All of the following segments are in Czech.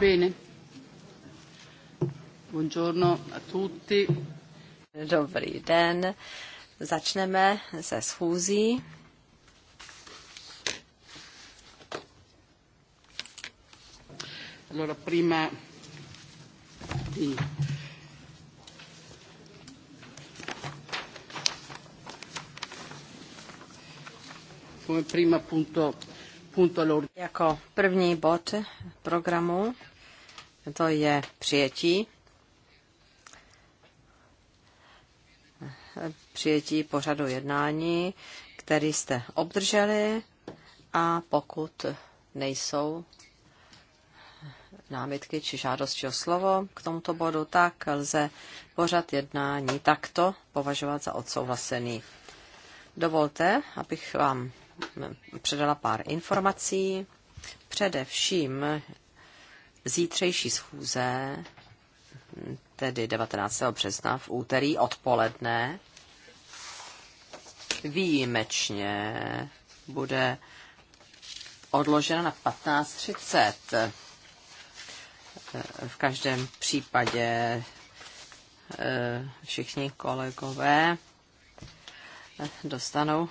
Bene. Buongiorno a tutti. Dobrý den. Začneme se schůzí. Allora, prima di come prima punto, punto Jako první bod programu to je přijetí. Přijetí pořadu jednání, který jste obdrželi a pokud nejsou námitky či žádosti o slovo k tomuto bodu, tak lze pořad jednání takto považovat za odsouhlasený. Dovolte, abych vám předala pár informací. Především zítřejší schůze, tedy 19. března v úterý odpoledne, výjimečně bude odložena na 15.30. V každém případě eh, všichni kolegové dostanou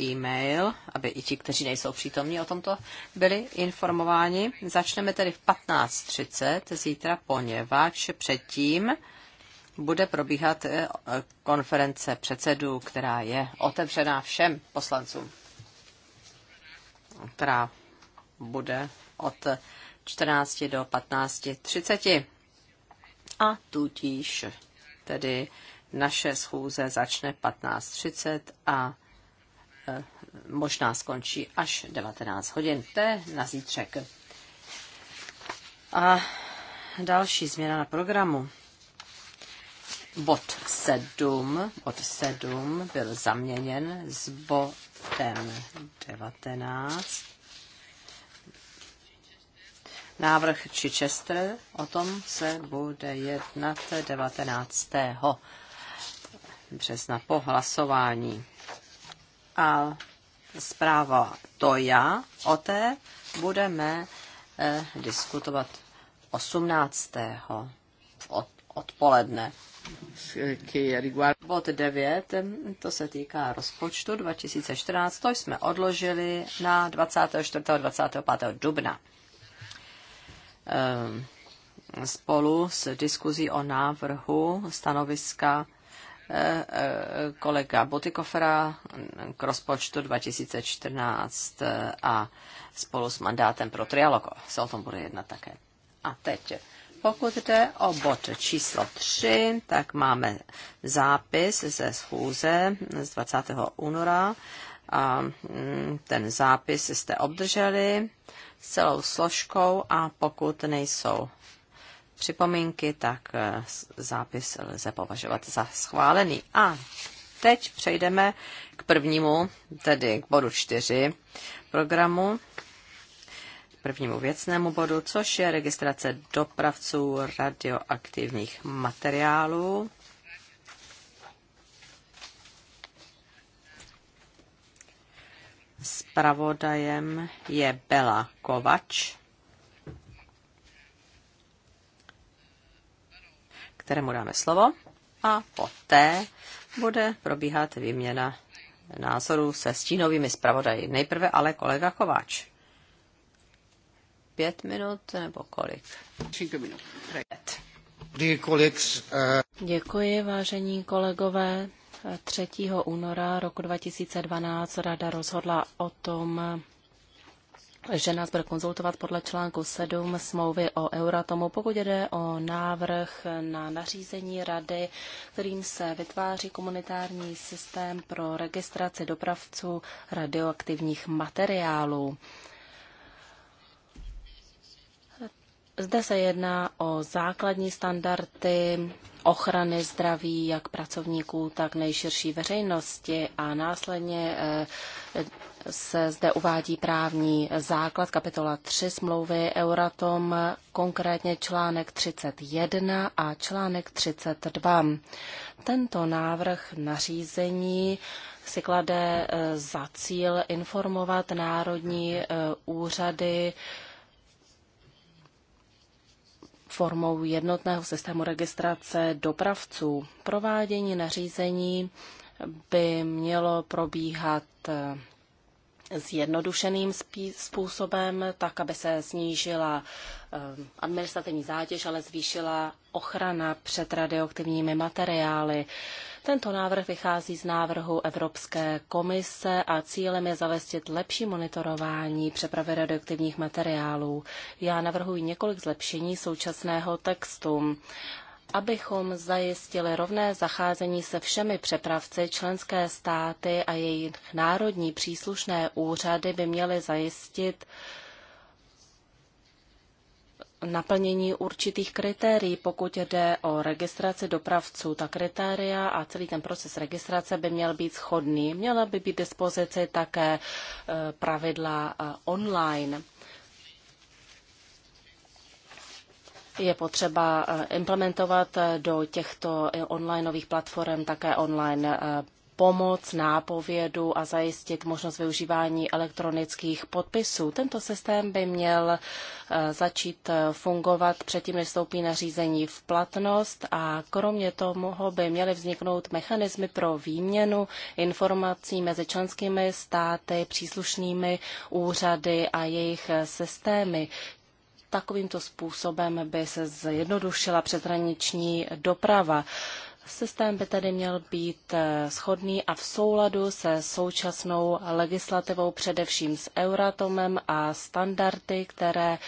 e-mail, aby i ti, kteří nejsou přítomní o tomto, byli informováni. Začneme tedy v 15.30 zítra, poněvadž předtím bude probíhat eh, konference předsedů, která je otevřená všem poslancům, která bude od 14 do 15.30. A tudíž tedy naše schůze začne 15.30 a e, možná skončí až 19 hodin. To je na zítřek. A další změna na programu. Bod 7, bod 7 byl zaměněn s bodem 19. Návrh Chichester, o tom se bude jednat 19 března po hlasování. A zpráva to já o té budeme eh, diskutovat 18. Od, odpoledne. Bod 9, to se týká rozpočtu 2014, to jsme odložili na 24. a 25. dubna. Ehm, spolu s diskuzí o návrhu stanoviska Eh, kolega Botikofera k rozpočtu 2014 eh, a spolu s mandátem pro trialog se o tom bude jednat také. A teď, pokud jde o bod číslo 3, tak máme zápis ze schůze z 20. února a mm, ten zápis jste obdrželi s celou složkou a pokud nejsou připomínky, tak eh, zápis lze považovat za schválený. A teď přejdeme k prvnímu, tedy k bodu čtyři programu, k prvnímu věcnému bodu, což je registrace dopravců radioaktivních materiálů. Spravodajem je Bela Kovač. kterému dáme slovo a poté bude probíhat výměna názorů se stínovými zpravodaji. Nejprve ale kolega Kováč. Pět minut nebo kolik? Cinco minut. Pět. Uh, Děkuji, vážení kolegové. 3. února roku 2012 Rada rozhodla o tom, že nás bude konzultovat podle článku 7 smlouvy o Euratomu, pokud jde o návrh na nařízení rady, kterým se vytváří komunitární systém pro registraci dopravců radioaktivních materiálů. Zde se jedná o základní standardy ochrany zdraví jak pracovníků, tak nejširší veřejnosti a následně eh, se zde uvádí právní základ kapitola 3 smlouvy Euratom, konkrétně článek 31 a článek 32. Tento návrh nařízení si klade eh, za cíl informovat národní eh, úřady formou jednotného systému registrace dopravců. Provádění nařízení by mělo probíhat eh, zjednodušeným způsobem, tak aby se snížila eh, administrativní zátěž, ale zvýšila ochrana před radioaktivními materiály. Tento návrh vychází z návrhu Evropské komise a cílem je zavestit lepší monitorování přepravy radioaktivních materiálů. Já navrhuji několik zlepšení současného textu. Abychom zajistili rovné zacházení se všemi přepravci, členské státy a jejich národní příslušné úřady by měly zajistit naplnění určitých kritérií, pokud jde o registraci dopravců. Ta kritéria a celý ten proces registrace by měl být schodný. Měla by být dispozici také e, pravidla e, online. je potřeba e, implementovat do těchto onlineových platform také online pomoc, nápovědu a zajistit možnost využívání elektronických podpisů. Tento systém by měl eh, začít eh, fungovat předtím, než vstoupí nařízení v platnost a kromě toho by měly vzniknout mechanismy pro výměnu informací mezi členskými státy, příslušnými úřady a jejich eh, systémy. Takovýmto způsobem by se zjednodušila přeshraniční doprava. Systém by tedy měl být eh, schodný a v souladu se současnou legislativou, především s Euratomem a standardy, které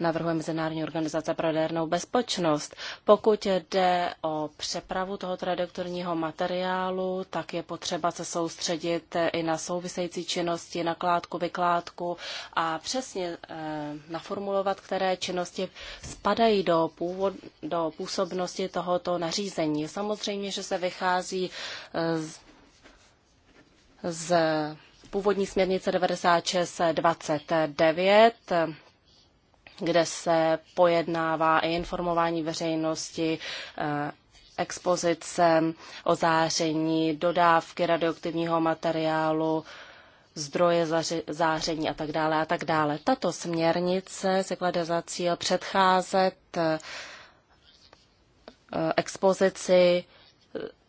navrhuje Mezinárodní organizace pro jadernou bezpečnost. Pokud jde o přepravu tohoto radioaktivního materiálu, tak je potřeba se soustředit eh, i na související činnosti, nakládku, vykládku a přesně eh, naformulovat, které činnosti spadají do, původ, do působnosti tohoto nařízení. Samozřejmě, že se vychází eh, z, z původní směrnice 9629 kde se pojednává i informování veřejnosti, eh, expozice, ozáření, dodávky radioaktivního materiálu, zdroje záření a tak dále a tak dále. Tato směrnice se klade za cíl předcházet eh, eh, expozici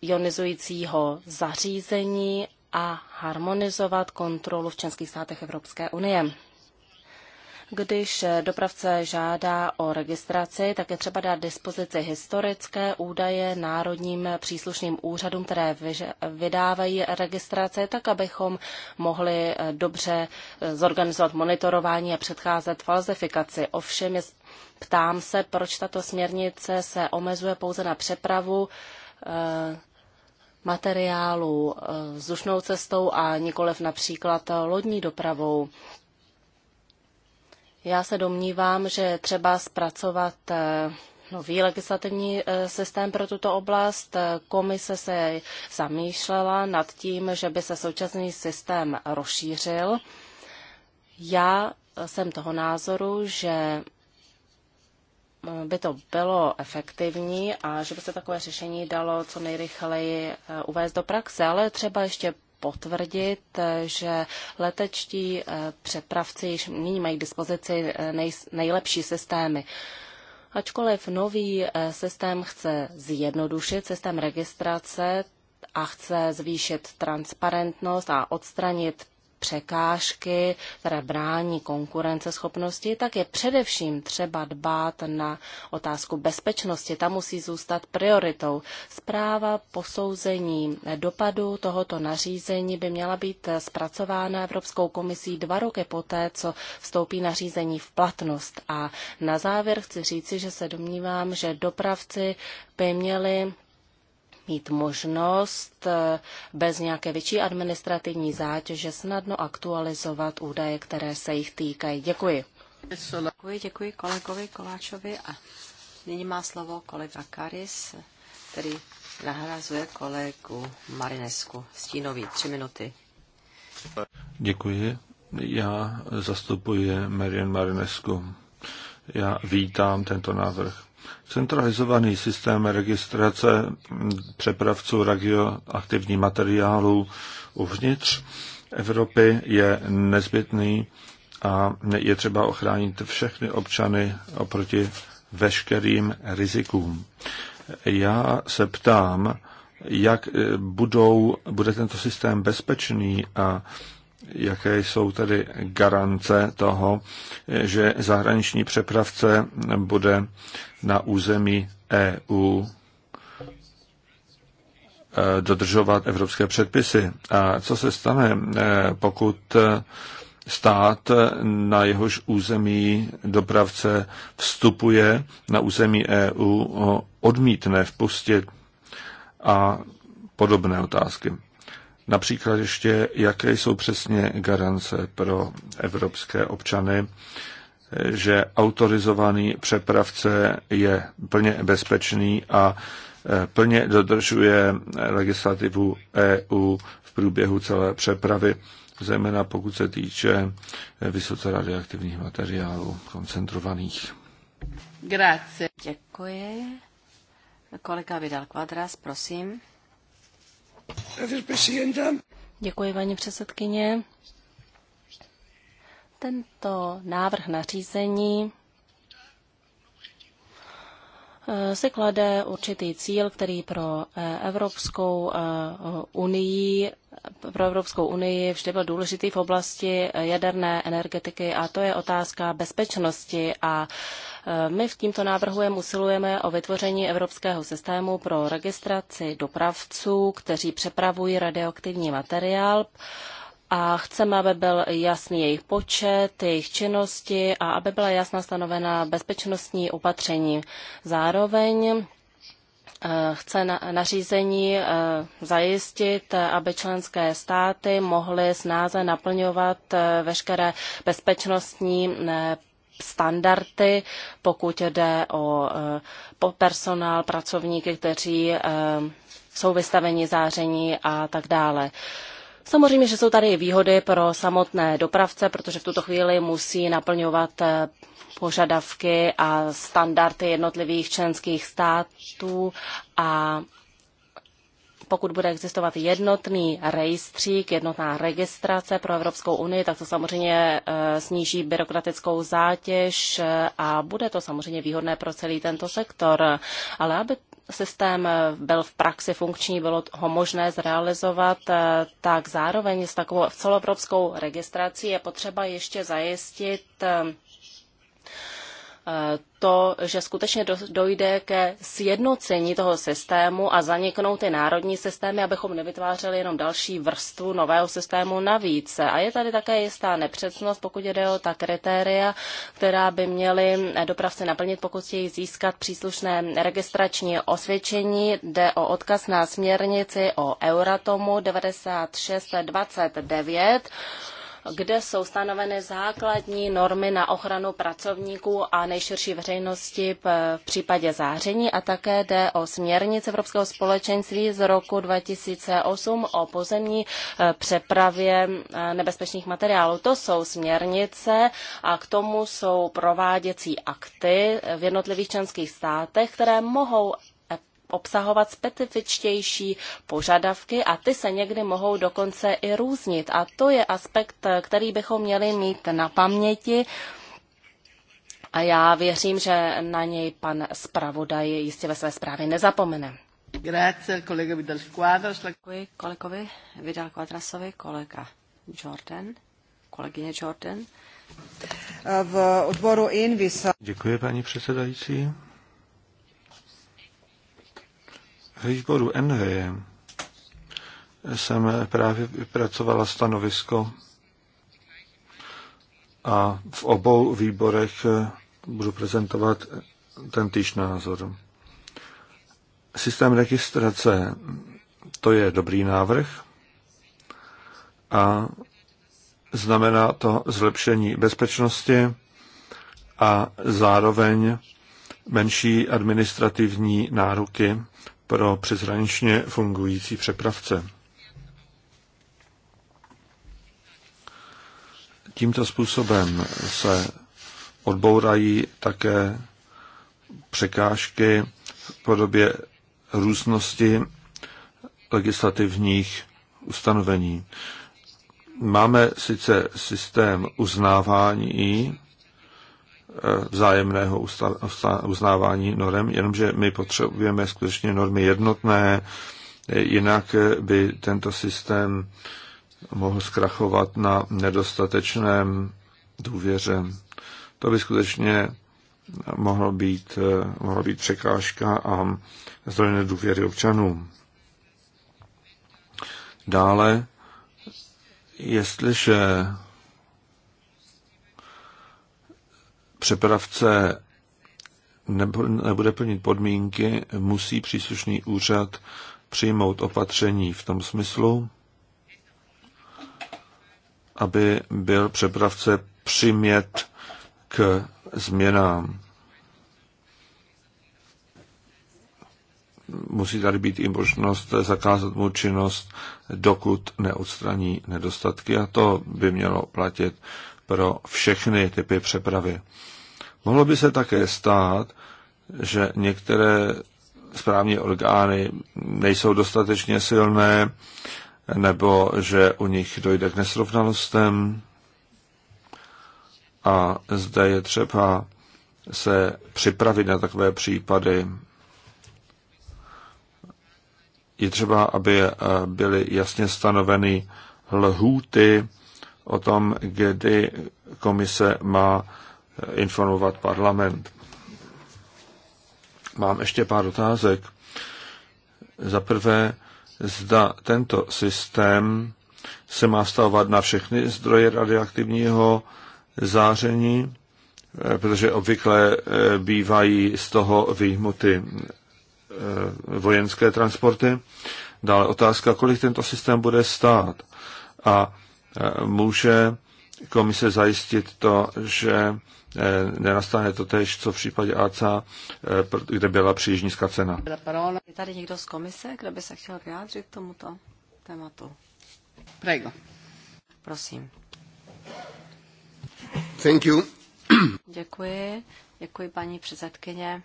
ionizujícího zařízení a harmonizovat kontrolu v členských státech Evropské unie. Když dopravce žádá o registraci, tak je třeba dát dispozici historické údaje národním příslušným úřadům, které vydávají registrace, tak abychom mohli eh, dobře eh, zorganizovat monitorování a předcházet falzifikaci. Ovšem Ptám se, proč tato směrnice se omezuje pouze na přepravu eh, materiálu vzdušnou cestou a nikoliv například lodní dopravou. Já se domnívám, že třeba zpracovat eh, nový legislativní eh, systém pro tuto oblast. Komise se zamýšlela nad tím, že by se současný systém rozšířil. Já jsem toho názoru, že eh, by to bylo efektivní a že by se takové řešení dalo co nejrychleji uvést do praxe, ale třeba ještě potvrdit, že letečtí eh, přepravci již nyní mají k dispozici eh, nej, nejlepší systémy. Ačkoliv nový eh, systém chce zjednodušit systém registrace a chce zvýšit transparentnost a odstranit překážky, které brání konkurenceschopnosti, tak je především třeba dbát na otázku bezpečnosti. Ta musí zůstat prioritou. Zpráva posouzení dopadu tohoto nařízení by měla být zpracována Evropskou komisí dva roky poté, co vstoupí nařízení v platnost. A na závěr chci říci, že se domnívám, že dopravci by měli mít možnost eh, bez nějaké větší administrativní zátěže snadno aktualizovat údaje, které se jich týkají. Děkuji. Děkuji, děkuji kolegovi Koláčovi a nyní má slovo kolega Karis, který nahrazuje kolegu Marinesku. Stínový, tři minuty. Děkuji. Já zastupuji Marian Marinesku. Já vítám tento návrh. Centralizovaný systém registrace přepravců radioaktivních materiálů uvnitř Evropy je nezbytný a je třeba ochránit všechny občany oproti veškerým rizikům. Já se ptám, jak budou, bude tento systém bezpečný a jaké jsou tedy garance toho, že zahraniční přepravce bude na území EU eh, dodržovat evropské předpisy. A co se stane, eh, pokud eh, stát na jehož území dopravce vstupuje na území EU, odmítne vpustit a podobné otázky. Například ještě, jaké jsou přesně garance pro evropské občany, že autorizovaný přepravce je plně bezpečný a e, plně dodržuje legislativu EU v průběhu celé přepravy, zejména pokud se týče vysoce radioaktivních materiálů koncentrovaných. Grazie. Děkuji. Kolega Vidal Quadras, prosím. Děkuji, paní předsedkyně. Tento návrh nařízení Eh, si klade určitý cíl, který pro eh, Evropskou eh, unii pro Evropskou unii vždy byl důležitý v oblasti jaderné energetiky a to je otázka bezpečnosti a my v tímto návrhu usilujeme o vytvoření evropského systému pro registraci dopravců, kteří přepravují radioaktivní materiál a chceme, aby byl jasný jejich počet, jejich činnosti a aby byla jasná stanovena bezpečnostní opatření. Zároveň eh, chce nařízení eh, zajistit, eh, aby členské státy mohly snáze naplňovat veškeré bezpečnostní standardy, pokud jde o personál, pracovníky, kteří jsou vystaveni záření a tak dále. Samozřejmě, že jsou tady výhody pro samotné dopravce, protože v tuto chvíli musí naplňovat eh, požadavky a standardy jednotlivých členských států a pokud bude existovat jednotný rejstřík, jednotná registrace pro Evropskou unii, tak to samozřejmě eh, sníží byrokratickou zátěž eh, a bude to samozřejmě výhodné pro celý tento sektor. Ale aby systém eh, byl v praxi funkční, bylo ho možné zrealizovat, eh, tak zároveň s takovou celoevropskou registrací je potřeba ještě zajistit eh, Eh, to, že skutečně dojde ke sjednocení toho systému a zaniknou ty národní systémy, abychom nevytvářeli jenom další vrstvu nového systému navíc. A je tady také jistá nepřesnost, pokud jde o ta kritéria, která by měly eh, dopravci naplnit, pokud chtějí získat příslušné registrační osvědčení. Jde o odkaz na směrnici o Euratomu 9629 kde jsou stanoveny základní normy na ochranu pracovníků a nejširší veřejnosti v případě záření a také jde o směrnici Evropského společenství z roku 2008 o pozemní eh, přepravě eh, nebezpečných materiálů. To jsou směrnice a k tomu jsou prováděcí akty v jednotlivých členských státech, které mohou obsahovat specifičtější požadavky a ty se někdy mohou dokonce i různit. A to je aspekt, který bychom měli mít na paměti. A já věřím, že na něj pan zpravodaj jistě ve své zprávě nezapomene. kolega Děkuji kolegovi Vidal Quadrasovi, kolega Jordan, kolegyně Jordan. V odboru Invis. Děkuji, paní předsedající. výboru NV jsem právě vypracovala stanovisko a v obou výborech budu prezentovat ten týž názor. Systém registrace to je dobrý návrh a znamená to zlepšení bezpečnosti a zároveň menší administrativní nároky pro přeshraničně fungující přepravce. Tímto způsobem se odbourají také překážky v podobě různosti legislativních ustanovení. Máme sice systém uznávání vzájemného uznávání norem, jenomže my potřebujeme skutečně normy jednotné, jinak by tento systém mohl zkrachovat na nedostatečném důvěře. To by skutečně mohlo být, mohlo být překážka a zdroj důvěry občanů. Dále, jestliže přepravce nebude plnit podmínky, musí příslušný úřad přijmout opatření v tom smyslu, aby byl přepravce přimět k změnám. Musí tady být i možnost zakázat mu činnost, dokud neodstraní nedostatky a to by mělo platit pro všechny typy přepravy. Mohlo by se také stát, že některé správní orgány nejsou dostatečně silné, nebo že u nich dojde k nesrovnalostem. A zde je třeba se připravit na takové případy. Je třeba, aby eh, byly jasně stanoveny lhůty o tom, kdy komise má eh, informovat parlament. Mám ještě pár otázek. Za prvé, zda tento systém se má stavovat na všechny zdroje radioaktivního záření, eh, protože obvykle eh, bývají z toho výjimuty vojenské transporty. Dále otázka, kolik tento systém bude stát a Eh, může komise zajistit to, že eh, nenastane to tež, co v případě ACA, eh, kde byla příliš nízká cena. Je tady někdo z komise, kdo by se chtěl vyjádřit k tomuto tématu? Prego. Prosím. Thank you. Děkuji. Děkuji, paní předsedkyně.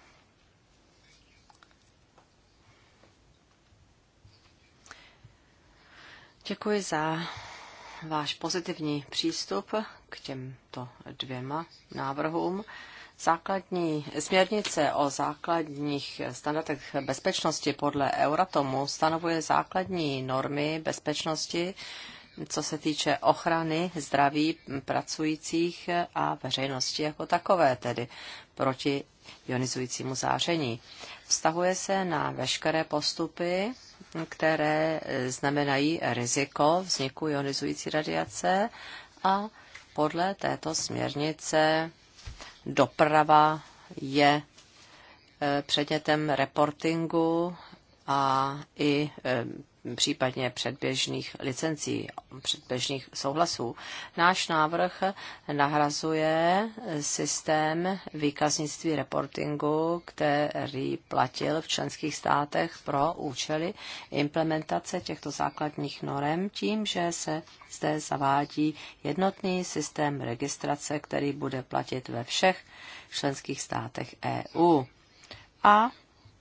Děkuji za váš pozitivní přístup k těmto dvěma návrhům. Základní směrnice o základních standardech bezpečnosti podle Euratomu stanovuje základní normy bezpečnosti, co se týče ochrany zdraví pracujících a veřejnosti jako takové, tedy proti ionizujícímu záření. Vztahuje se na veškeré postupy které eh, znamenají riziko vzniku ionizující radiace a podle této směrnice doprava je eh, předmětem reportingu a i eh, případně předběžných licencí, předběžných souhlasů. Náš návrh nahrazuje systém výkaznictví reportingu, který platil v členských státech pro účely implementace těchto základních norem tím, že se zde zavádí jednotný systém registrace, který bude platit ve všech členských státech EU. A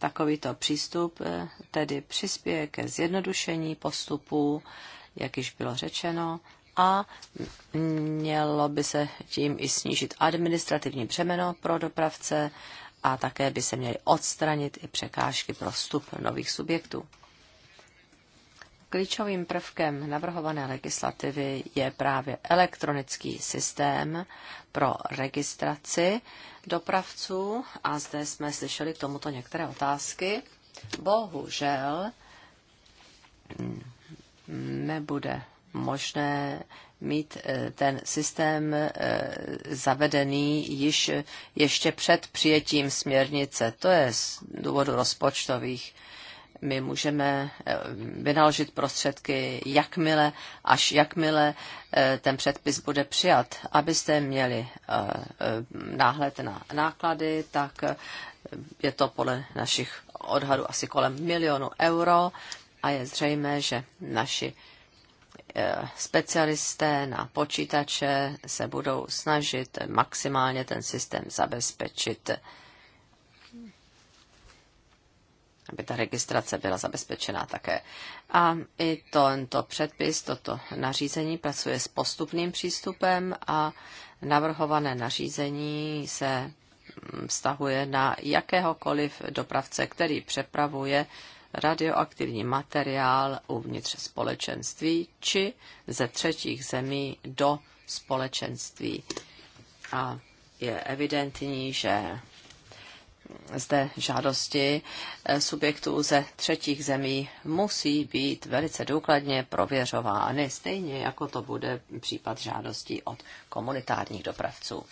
Takovýto přístup eh, tedy přispěje ke zjednodušení postupů, jak již bylo řečeno, a mělo by se tím i snížit administrativní břemeno pro dopravce a také by se měly odstranit i překážky pro vstup nových subjektů. Klíčovým prvkem navrhované legislativy je právě elektronický systém pro registraci dopravců a zde jsme slyšeli k tomuto některé otázky. Bohužel nebude možné mít eh, ten systém eh, zavedený již ještě před přijetím směrnice. To je z důvodu rozpočtových my můžeme eh, vynaložit prostředky, jakmile, až jakmile eh, ten předpis bude přijat. Abyste měli eh, náhled na náklady, tak je to podle našich odhadů asi kolem milionu euro a je zřejmé, že naši specialisté na počítače se budou snažit maximálně ten systém zabezpečit aby ta registrace byla zabezpečená také. A i tento předpis, toto nařízení pracuje s postupným přístupem a navrhované nařízení se mm, vztahuje na jakéhokoliv dopravce, který přepravuje radioaktivní materiál uvnitř společenství či ze třetích zemí do společenství. A je evidentní, že zde žádosti eh, subjektů ze třetích zemí musí být velice důkladně prověřovány, stejně jako to bude případ žádostí od komunitárních dopravců.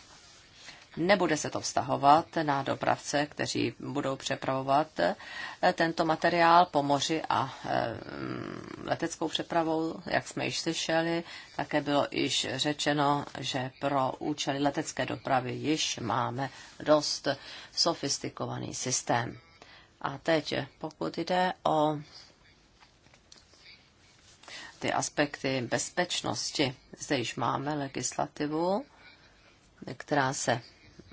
Nebude se to vztahovat na dopravce, kteří budou přepravovat eh, tento materiál po moři a eh, leteckou přepravou, jak jsme již slyšeli. Také bylo již řečeno, že pro účely letecké dopravy již máme dost sofistikovaný systém. A teď, pokud jde o ty aspekty bezpečnosti, zde již máme legislativu, která se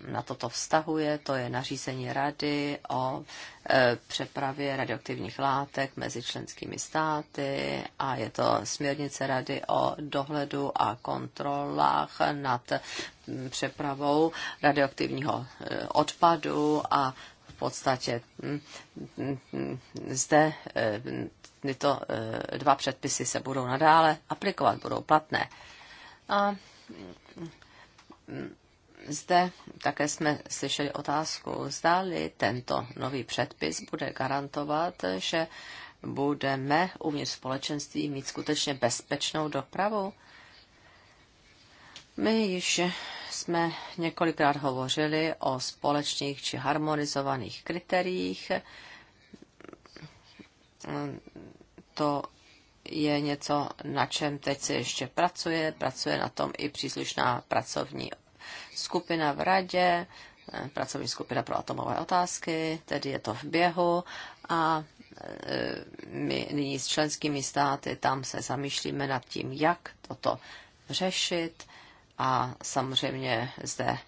na toto vztahuje, to je nařízení rady o e, přepravě radioaktivních látek mezi členskými státy a je to směrnice rady o dohledu a kontrolách nad mm, přepravou radioaktivního e, odpadu a v podstatě mm, mm, zde e, tyto dva předpisy se budou nadále aplikovat, budou platné. A zde také jsme slyšeli otázku, zdali tento nový předpis bude garantovat, že budeme uvnitř společenství mít skutečně bezpečnou dopravu. My již jsme několikrát hovořili o společných či harmonizovaných kritériích. To je něco, na čem teď se ještě pracuje. Pracuje na tom i příslušná pracovní skupina v radě, eh, pracovní skupina pro atomové otázky, tedy je to v běhu a eh, my nyní s členskými státy tam se zamýšlíme nad tím, jak toto řešit a samozřejmě zde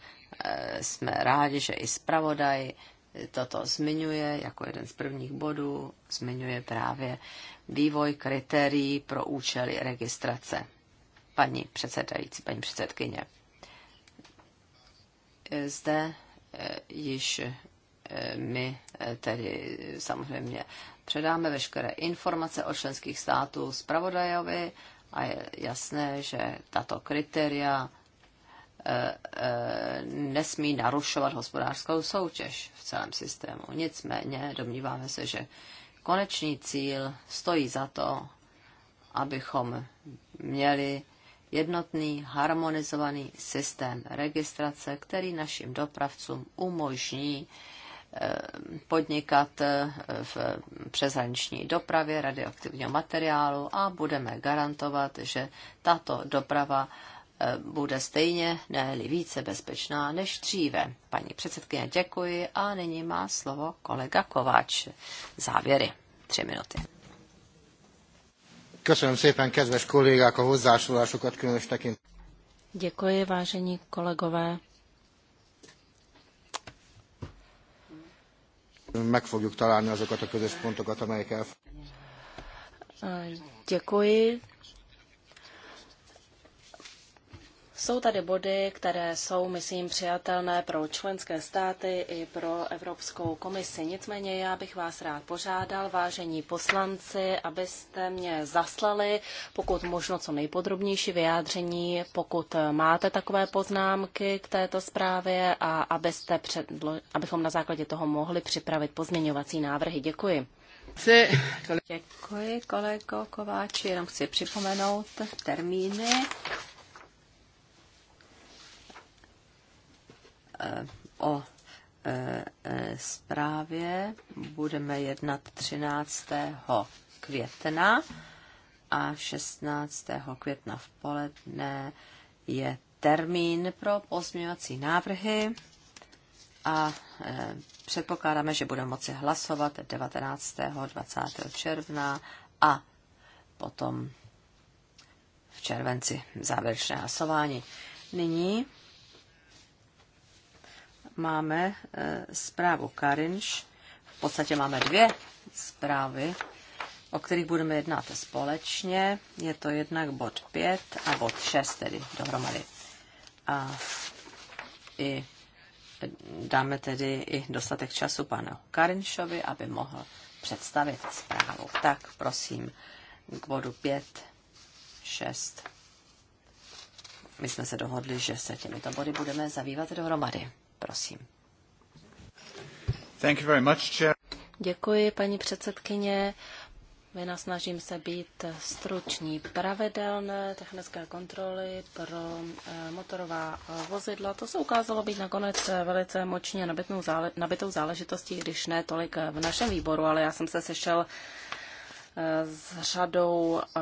eh, jsme rádi, že i zpravodaj toto zmiňuje jako jeden z prvních bodů, zmiňuje právě vývoj kritérií pro účely registrace. Paní předsedající, paní předsedkyně. Zde eh, již eh, my eh, tedy samozřejmě předáme veškeré informace o členských států zpravodajovi a je jasné, že tato kritéria nesmí narušovat hospodářskou soutěž v celém systému. Nicméně domníváme se, že konečný cíl stojí za to, abychom měli jednotný harmonizovaný systém registrace, který našim dopravcům umožní eh, podnikat eh, v přeshraniční dopravě radioaktivního materiálu a budeme garantovat, že tato doprava eh, bude stejně, ne více bezpečná než dříve. Paní předsedkyně, děkuji a nyní má slovo kolega Kováč. Závěry. Tři minuty. Köszönöm szépen, kedves kollégák, a hozzásolásokat különös tekint. Děkuji, vážení kolegové. Meg fogjuk találni azokat a közös pontokat, amelyek el... Děkuji. Jsou tady body, které jsou, myslím, přijatelné pro členské státy i pro Evropskou komisi. Nicméně já bych vás rád požádal, vážení poslanci, abyste mě zaslali, pokud možno co nejpodrobnější vyjádření, pokud máte takové poznámky k této zprávě a abyste předlo- abychom na základě toho mohli připravit pozměňovací návrhy. Děkuji. Děkuji, kolego Kováči. Jenom chci připomenout termíny Eh, o eh, eh, zprávě budeme jednat 13. května a 16. května v poledne je termín pro pozměňovací návrhy a předpokládáme, že budeme moci hlasovat 19. 20. června a potom v červenci závěrečné hlasování. Nyní máme e, zprávu Karinš. V podstatě máme dvě zprávy, o kterých budeme jednat společně. Je to jednak bod 5 a bod 6 tedy dohromady. A i dáme tedy i dostatek času panu Karinšovi, aby mohl představit zprávu. Tak prosím, k bodu 5, 6. My jsme se dohodli, že se těmito body budeme zabývat dohromady. Prosím. Thank you very much, chair. Děkuji, paní předsedkyně. Vynasnažím se být struční pravidelné technické kontroly pro eh, motorová eh, vozidla. To se ukázalo být nakonec eh, velice močně nabitou záležitostí, když ne tolik v našem výboru, ale já jsem se sešel s řadou eh,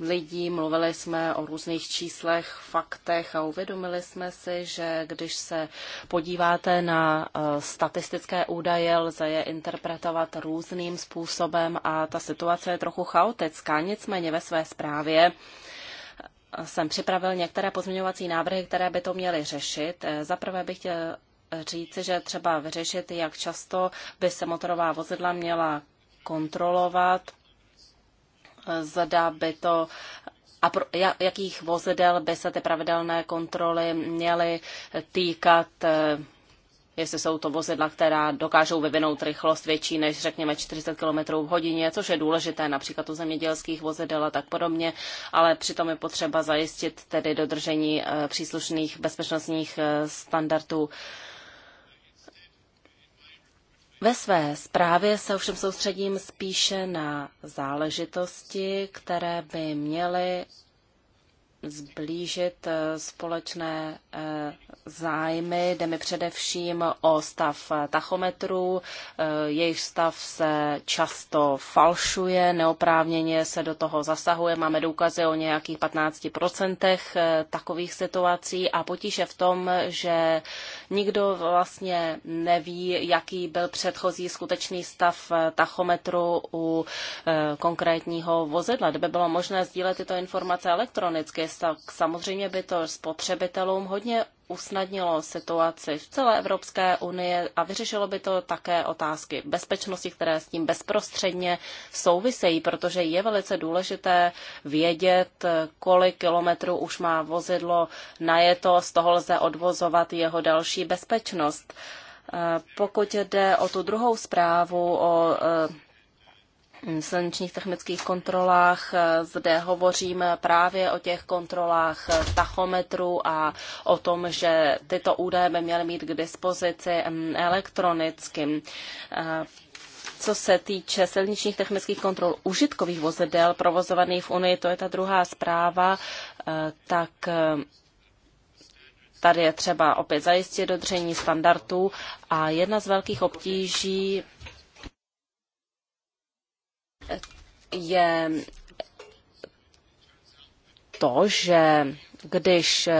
lidí, mluvili jsme o různých číslech, faktech a uvědomili jsme si, že když se podíváte na eh, statistické údaje, lze je interpretovat různým způsobem a ta situace je trochu chaotická. Nicméně ve své zprávě eh, jsem připravil některé pozměňovací návrhy, které by to měly řešit. Za prvé bych chtěl říci, že třeba vyřešit, jak často by se motorová vozidla měla kontrolovat, zda by to a pro, jakých vozidel by se ty pravidelné kontroly měly týkat, eh, jestli jsou to vozidla, která dokážou vyvinout rychlost větší než řekněme 40 km v hodině, což je důležité například u zemědělských vozidel a tak podobně, ale přitom je potřeba zajistit tedy dodržení eh, příslušných bezpečnostních eh, standardů ve své zprávě se ovšem soustředím spíše na záležitosti, které by měly zblížit eh, společné eh, zájmy. Jde mi především o stav eh, tachometrů. Jejich stav se často falšuje, neoprávněně se do toho zasahuje. Máme důkazy o nějakých 15% takových situací a potíže v tom, že nikdo vlastně neví, jaký byl předchozí skutečný stav tachometru u konkrétního vozidla. Kdyby bylo možné sdílet tyto informace elektronicky, tak samozřejmě by to spotřebitelům hodně usnadnilo situaci v celé Evropské unii a vyřešilo by to také otázky bezpečnosti, které s tím bezprostředně souvisejí, protože je velice důležité vědět, kolik kilometrů už má vozidlo najeto, z toho lze odvozovat jeho další bezpečnost. Eh, pokud jde o tu druhou zprávu, o eh, silničních technických kontrolách. Eh, zde hovořím právě o těch kontrolách eh, tachometru a o tom, že tyto údaje by měly mít k dispozici mm, elektronicky. Eh, co se týče silničních technických kontrol užitkových vozidel provozovaných v Unii, to je ta druhá zpráva, tak Tady je třeba opět zajistit dodržení standardů a jedna z velkých obtíží je to, že když eh,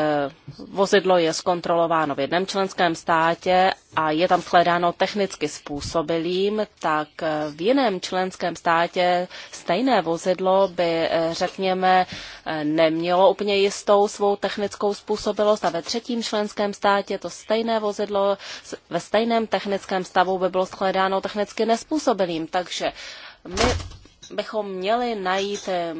vozidlo je zkontrolováno v jednom členském státě a je tam shledáno technicky způsobilým, tak eh, v jiném členském státě stejné vozidlo by, eh, řekněme, nemělo úplně jistou svou technickou způsobilost a ve třetím členském státě to stejné vozidlo ve stejném technickém stavu by bylo shledáno technicky nespůsobilým. Takže my bychom měli najít eh,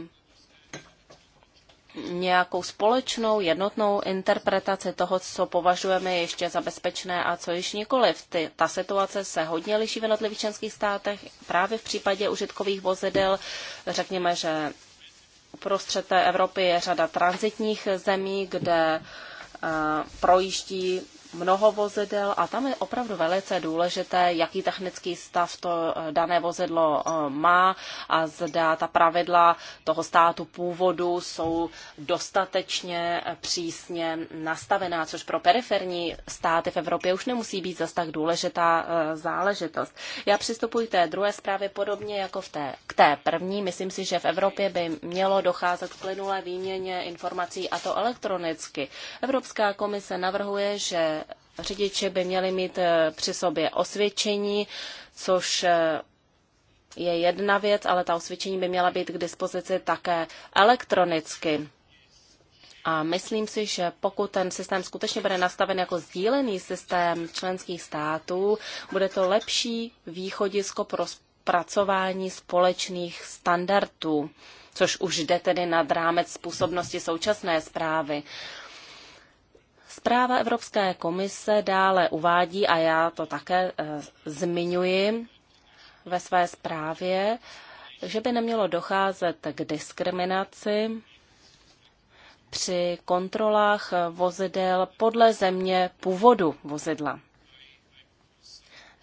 nějakou společnou jednotnou interpretaci toho, co považujeme ještě za bezpečné a co již nikoliv. Ty, ta situace se hodně liší v jednotlivých členských státech. Právě v případě užitkových vozidel řekněme, že uprostřed té Evropy je řada transitních zemí, kde eh, projíždí mnoho vozidel a tam je opravdu velice důležité, jaký technický stav to eh, dané vozidlo eh, má a zda ta pravidla toho státu původu jsou dostatečně eh, přísně nastavená, což pro periferní státy v Evropě už nemusí být zase tak důležitá záležitost. Já přistupuji k té druhé zprávě podobně jako v té, k té první. Myslím si, že v Evropě by mělo docházet k plynulé výměně informací a to elektronicky. Evropská komise navrhuje, že Řidiči by měli mít eh, při sobě osvědčení, což eh, je jedna věc, ale ta osvědčení by měla být k dispozici také elektronicky. A myslím si, že pokud ten systém skutečně bude nastaven jako sdílený systém členských států, bude to lepší východisko pro zpracování společných standardů, což už jde tedy nad rámec způsobnosti současné zprávy. Zpráva Evropské komise dále uvádí, a já to také eh, zmiňuji ve své zprávě, že by nemělo docházet k diskriminaci při kontrolách vozidel podle země původu vozidla.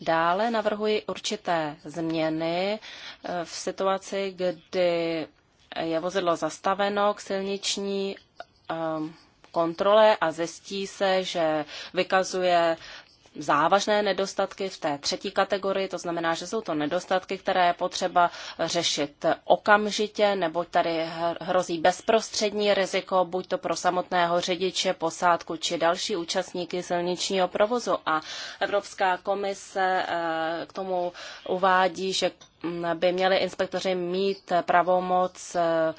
Dále navrhuji určité změny eh, v situaci, kdy je vozidlo zastaveno k silniční eh, kontrole a zjistí se, že vykazuje závažné nedostatky v té třetí kategorii, to znamená, že jsou to nedostatky, které je potřeba řešit okamžitě, nebo tady hrozí bezprostřední riziko, buď to pro samotného řidiče, posádku či další účastníky silničního provozu. A Evropská komise eh, k tomu uvádí, že by měli inspektoři mít pravomoc eh,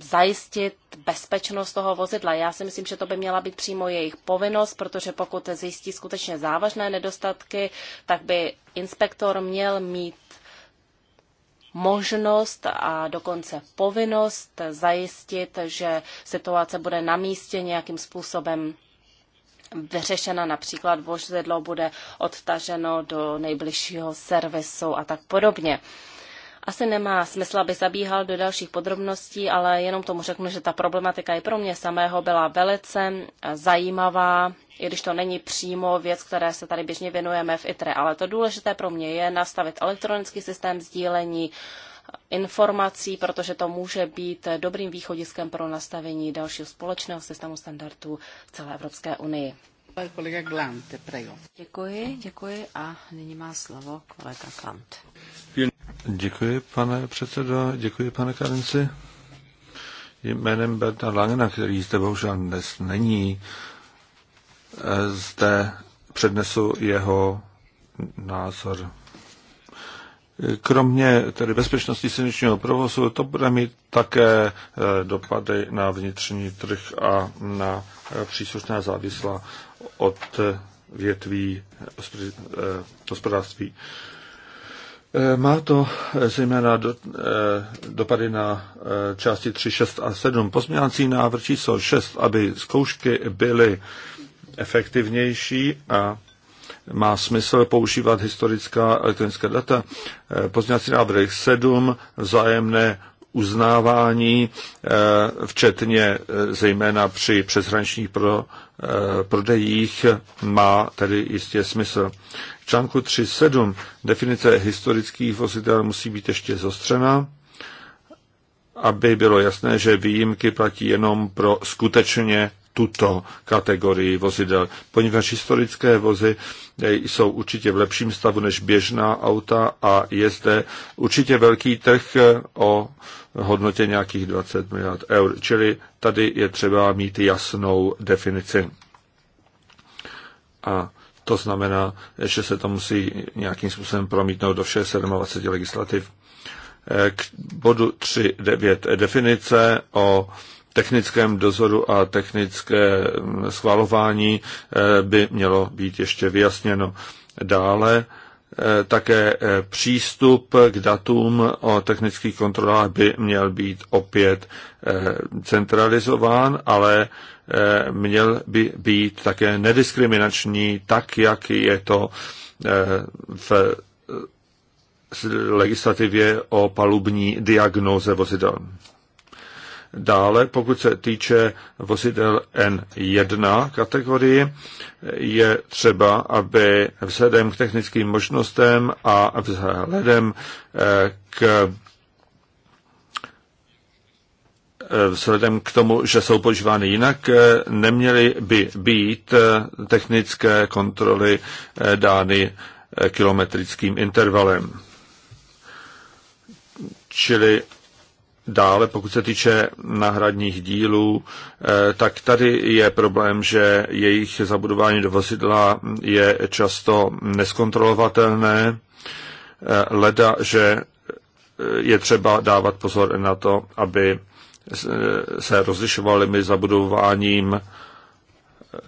zajistit bezpečnost toho vozidla. Já si myslím, že to by měla být přímo jejich povinnost, protože pokud zjistí skutečně závažné nedostatky, tak by inspektor měl mít možnost a dokonce povinnost zajistit, že situace bude na místě nějakým způsobem vyřešena, například vozidlo bude odtaženo do nejbližšího servisu a tak podobně. Asi nemá smysl, aby zabíhal do dalších podrobností, ale jenom tomu řeknu, že ta problematika i pro mě samého byla velice zajímavá, i když to není přímo věc, které se tady běžně věnujeme v ITRE, ale to důležité pro mě je nastavit elektronický systém sdílení informací, protože to může být dobrým východiskem pro nastavení dalšího společného systému standardů v celé Evropské unii. Kolega Glante, Děkuji, děkuji a nyní má slovo kolega Klant. Děkuji, pane předsedo, děkuji, pane Karenci. Jménem Berta Langena, který zde bohužel dnes není, eh, zde přednesu jeho názor. Kromě tedy bezpečnosti silničního provozu to bude mít také eh, dopady na vnitřní trh a na eh, příslušná závislá od eh, větví hospodářství. Má to zejména do, dopady na části 3, 6 a 7. Pozměňovací návrh číslo 6, aby zkoušky byly efektivnější a má smysl používat historická elektronická data. Eh, pozměňovací návrh 7, vzájemné uznávání, eh, včetně eh, zejména při přeshraničních pro, prodejích, má tedy jistě smysl. V článku 3.7 definice historických vozidel musí být ještě zostřena, aby bylo jasné, že výjimky platí jenom pro skutečně tuto kategorii vozidel, poněvadž historické vozy eh, jsou určitě v lepším stavu než běžná auta a je zde určitě velký trh eh, o hodnotě nějakých 20 miliard eur. Čili tady je třeba mít jasnou definici. A to znamená, že se to musí nějakým způsobem promítnout do všech 27 legislativ. Eh, k bodu 3.9 definice o technickém dozoru a technické mm, schvalování eh, by mělo být ještě vyjasněno. Dále eh, také eh, přístup k datům o technických kontrolách by měl být opět centralizován, ale měl by být také nediskriminační, tak jak je to v legislativě o palubní diagnoze vozidel. Dále, pokud se týče vozidel N1 kategorii, je třeba, aby vzhledem k technickým možnostem a vzhledem eh, k eh, vzhledem k tomu, že jsou používány jinak, eh, neměly by být technické kontroly dány kilometrickým intervalem. Čili Dále, pokud se týče náhradních dílů, eh, tak tady je problém, že jejich zabudování do vozidla je často neskontrolovatelné. Eh, leda, že eh, je třeba dávat pozor na to, aby se rozlišovaly mezi zabudováním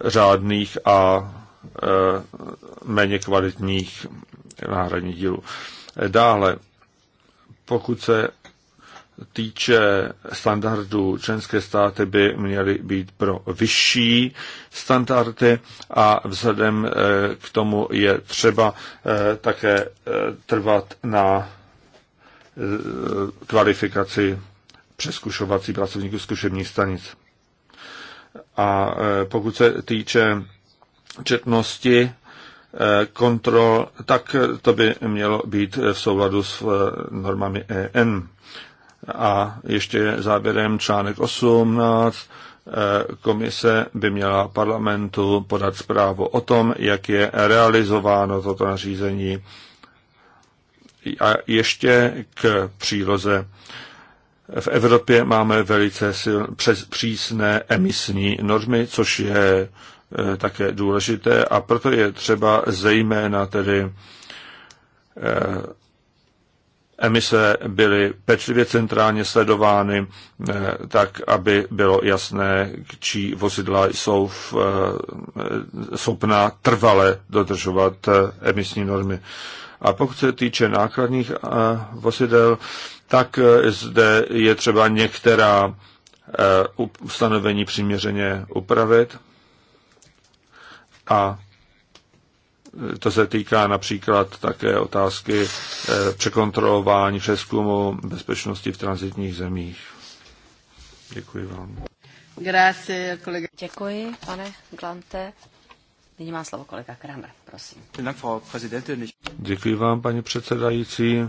řádných a méně kvalitních náhradních dílů. Dále, pokud se týče standardů, členské státy by měly být pro vyšší standardy a vzhledem eh, k tomu je třeba eh, také eh, trvat na kvalifikaci přeskušovací pracovníků zkušebních stanic. A pokud se týče četnosti kontrol, tak to by mělo být v souladu s normami EN. A ještě závěrem článek 18. Eh, komise by měla parlamentu podat zprávu o tom, jak je realizováno toto nařízení. A ještě k příloze. V Evropě máme velice sil, přes, přísné emisní normy, což je e, také důležité a proto je třeba zejména tedy e, Emise byly pečlivě centrálně sledovány, eh, tak aby bylo jasné, čí vozidla jsou v, eh, schopná trvale dodržovat eh, emisní normy. A pokud se týče nákladních vozidel, tak zde je třeba některá ustanovení přiměřeně upravit. A to se týká například také otázky eh, překontrolování přeskumu bezpečnosti v transitních zemích. Děkuji vám. Grazie, kolega. Děkuji, pane Glante. Nyní má slovo kolega Kramer, prosím. Děkuji vám, paní předsedající.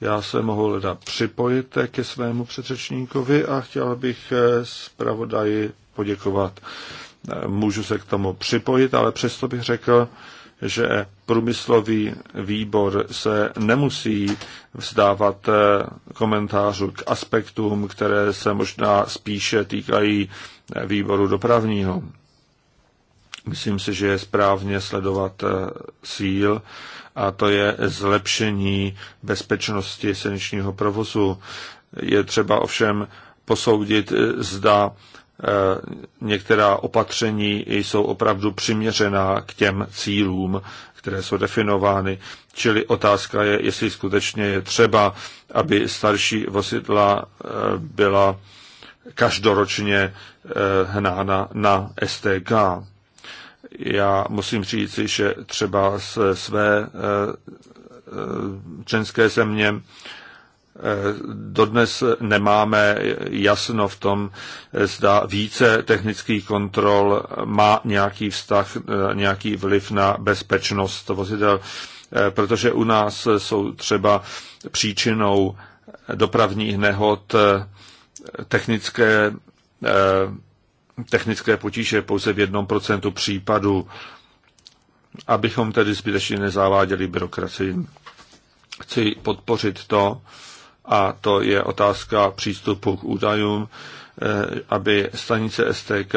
Já se mohu leda připojit ke svému předřečníkovi a chtěl bych eh, zpravodaji poděkovat. Eh, můžu se k tomu připojit, ale přesto bych řekl, že průmyslový výbor se nemusí vzdávat eh, komentářů k aspektům, které se možná spíše týkají eh, výboru dopravního. Myslím si, že je správně sledovat eh, síl a to je zlepšení bezpečnosti silničního provozu. Je třeba ovšem posoudit, zda Eh, některá opatření jsou opravdu přiměřená k těm cílům, které jsou definovány. Čili otázka je, jestli skutečně je třeba, aby starší vozidla eh, byla každoročně eh, hnána na STK. Já musím říci, že třeba z své členské země Dodnes nemáme jasno v tom, zda více technických kontrol má nějaký vztah, nějaký vliv na bezpečnost vozidel, protože u nás jsou třeba příčinou dopravních nehod technické, technické potíže pouze v jednom procentu případů, abychom tedy zbytečně nezaváděli byrokracii. Chci podpořit to, a to je otázka přístupu k údajům, eh, aby stanice STK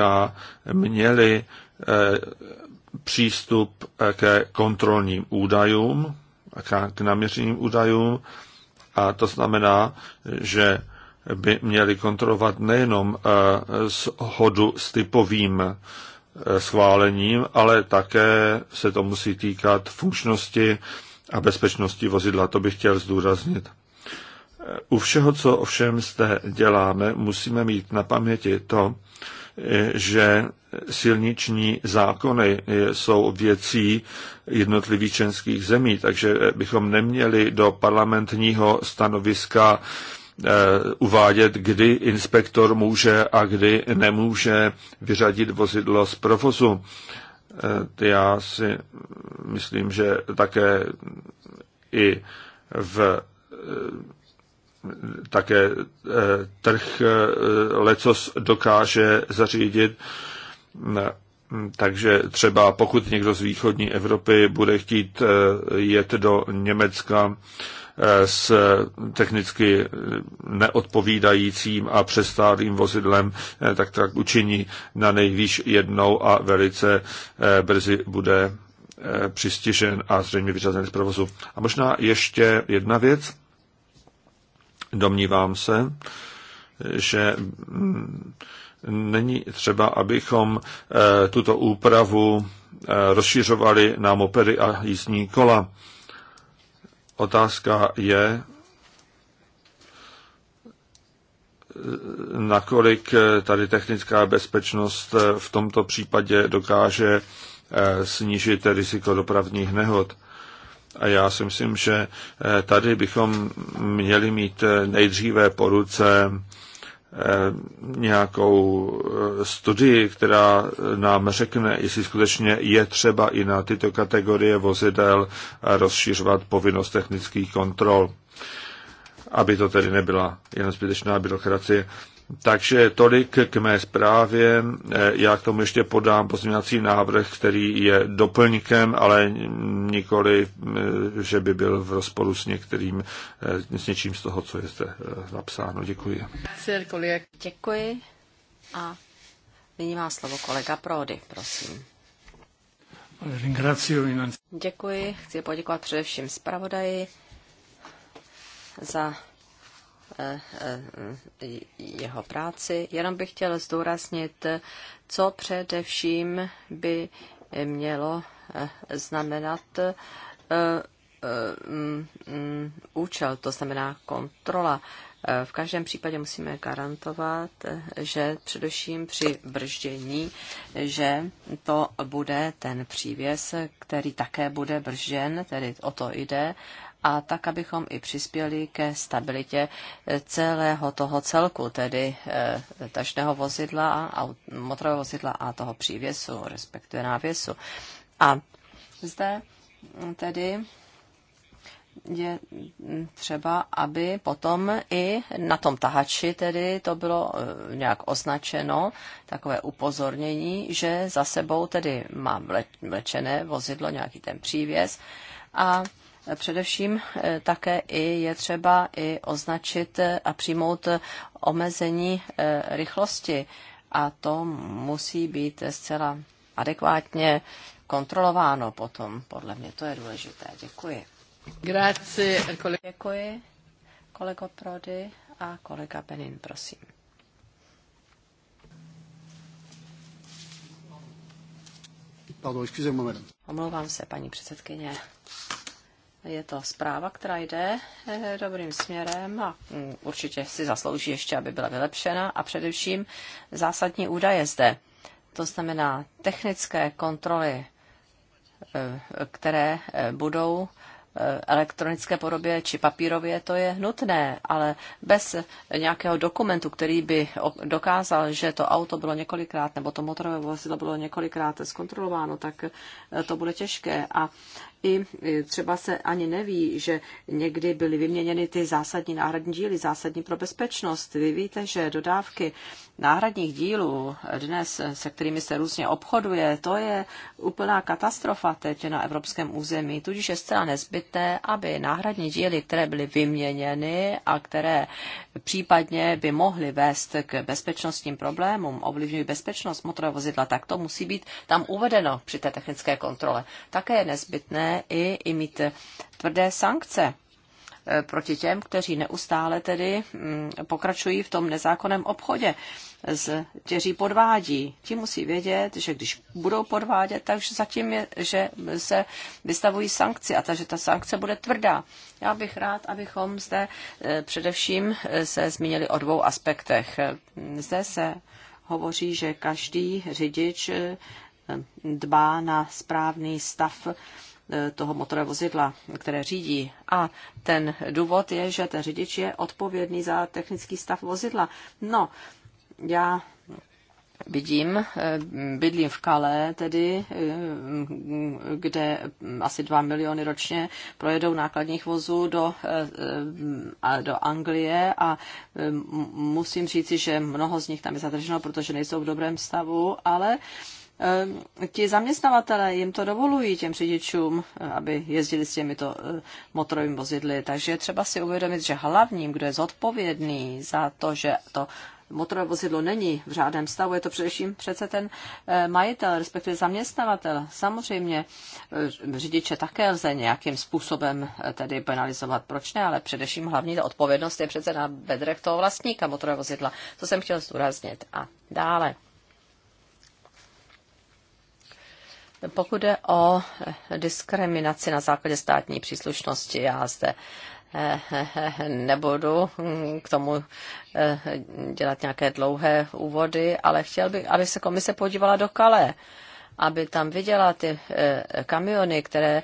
měly eh, přístup eh, ke kontrolním údajům, k naměřeným údajům, a to znamená, že by měli kontrolovat nejenom shodu s typovým schválením, ale také se to musí týkat funkčnosti a bezpečnosti vozidla. To bych chtěl zdůraznit. U všeho, co ovšem zde děláme, musíme mít na paměti to, že silniční zákony jsou věcí jednotlivých členských zemí, takže bychom neměli do parlamentního stanoviska eh, uvádět, kdy inspektor může a kdy nemůže vyřadit vozidlo z provozu. Eh, já si myslím, že také i v eh, také eh, trh eh, lecos dokáže zařídit. Hm, takže třeba pokud někdo z východní Evropy bude chtít eh, jet do Německa s technicky neodpovídajícím a přestárým vozidlem, tak tak učiní na nejvýš jednou a velice brzy bude přistižen a zřejmě vyřazen z provozu. A možná ještě jedna věc. Domnívám se, že mm, není třeba, abychom eh, tuto úpravu eh, rozšířovali na mopedy a jízdní kola. Otázka je, eh, nakolik tady technická bezpečnost v tomto případě dokáže snížit riziko dopravních nehod. A já si myslím, že eh, tady bychom měli mít eh, nejdříve po ruce eh, nějakou studii, která nám řekne, jestli skutečně je třeba i na tyto kategorie vozidel rozšířovat povinnost technických kontrol, aby to tedy nebyla jen zbytečná byrokracie. Takže tolik k mé zprávě. Já k tomu ještě podám pozměňovací návrh, který je doplňkem, ale nikoli, že by byl v rozporu s některým, s něčím z toho, co je zde eh, napsáno. Děkuji. Děkuji. A nyní má slovo kolega Prody, prosím. Děkuji. Chci poděkovat především zpravodaji za Eh, eh, jeho práci. Jenom bych chtěl zdůraznit, co především by mělo eh, znamenat mm, mm, účel, to znamená kontrola. V každém případě musíme garantovat, že především při brždění, že to bude ten přívěs, který také bude bržděn, tedy o to jde, a tak, abychom i přispěli ke stabilitě eh, celého toho celku, tedy eh, tažného vozidla, motorového vozidla a toho přívěsu, respektive návěsu. A zde mm, tedy je mm, třeba, aby potom i na tom tahači tedy to bylo eh, nějak označeno, takové upozornění, že za sebou tedy má vlečené vozidlo, nějaký ten přívěs a Především eh, také i je třeba i označit a přijmout omezení eh, rychlosti a to musí být zcela adekvátně kontrolováno potom. Podle mě to je důležité. Děkuji. Grazie. Děkuji. Kolego Prody a kolega Benin, prosím. Pardon, excusez-moi, madame. Omlouvám se, paní předsedkyně. Je to zpráva, která jde eh, dobrým směrem a mm, určitě si zaslouží ještě, aby byla vylepšena a především zásadní údaje zde. To znamená technické kontroly, eh, které eh, budou elektronické podobě či papírově, to je nutné, ale bez nějakého dokumentu, který by dokázal, že to auto bylo několikrát nebo to motorové vozidlo bylo několikrát zkontrolováno, tak to bude těžké. A i třeba se ani neví, že někdy byly vyměněny ty zásadní náhradní díly, zásadní pro bezpečnost. Vy víte, že dodávky náhradních dílů dnes, se kterými se různě obchoduje, to je úplná katastrofa teď na evropském území, tudíž je zcela nezbytné, aby náhradní díly, které byly vyměněny a které případně by mohly vést k bezpečnostním problémům, ovlivňují bezpečnost motorového vozidla, tak to musí být tam uvedeno při té technické kontrole. Také je nezbytné, i, i mít tvrdé sankce eh, proti těm, kteří neustále tedy mm, pokračují v tom nezákonném obchodě, z, kteří podvádí. Ti musí vědět, že když budou podvádět, takže zatím je, že se vystavují sankci a takže ta sankce bude tvrdá. Já bych rád, abychom zde eh, především eh, se zmínili o dvou aspektech. Zde se hovoří, že každý řidič dbá na správný stav Eh, toho motorového vozidla, které řídí. A ten důvod je, že ten řidič je odpovědný za technický stav vozidla. No, já vidím, eh, bydlím v Kale, tedy, eh, kde asi 2 miliony ročně projedou nákladních vozů do, do Anglie a musím říci, že mnoho z nich tam je zadrženo, protože nejsou v dobrém stavu, ale Eh, ti zaměstnavatele jim to dovolují, těm řidičům, eh, aby jezdili s těmito eh, motorovými vozidly. Takže je třeba si uvědomit, že hlavním, kdo je zodpovědný za to, že to motorové vozidlo není v řádném stavu, je to především přece ten majitel, respektive zaměstnavatel. Samozřejmě řidiče také lze nějakým způsobem tedy penalizovat, proč ne, ale především hlavní ta odpovědnost je přece na bedrech toho vlastníka motorového vozidla. To jsem chtěl zdůraznit. A dále. Pokud jde o eh, diskriminaci na základě státní příslušnosti, já zde eh, eh, nebudu hm, k tomu dělat nějaké dlouhé úvody, ale chtěl bych, aby se komise podívala do Kalé aby tam viděla ty kamiony, které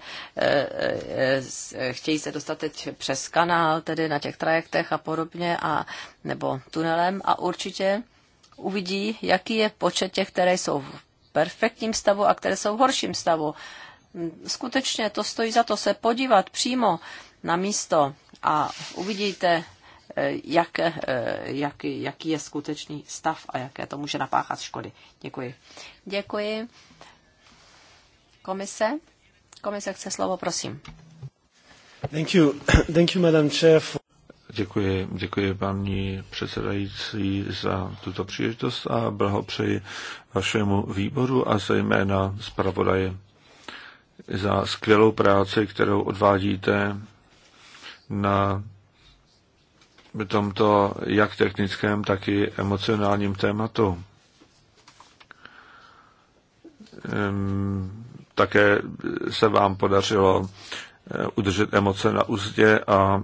chtějí se dostat teď přes kanál, tedy na těch trajektech a podobně, a, nebo tunelem a určitě uvidí, jaký je počet těch, které jsou v perfektním stavu a které jsou v horším stavu. Skutečně to stojí za to se podívat přímo na místo a uvidíte, eh, jak, eh, jak, jaký je skutečný stav a jaké to může napáchat škody. Děkuji. Děkuji. Komise? Komise chce slovo, prosím. Thank you. Thank you, Madam Chair. Děkuji, děkuji paní předsedající za tuto příležitost a blahopřeji vašemu výboru a zejména zpravodaji za skvělou práci, kterou odvádíte na tomto jak technickém, tak i emocionálním tématu. Ehm, také se vám podařilo eh, udržet emoce na úzdě a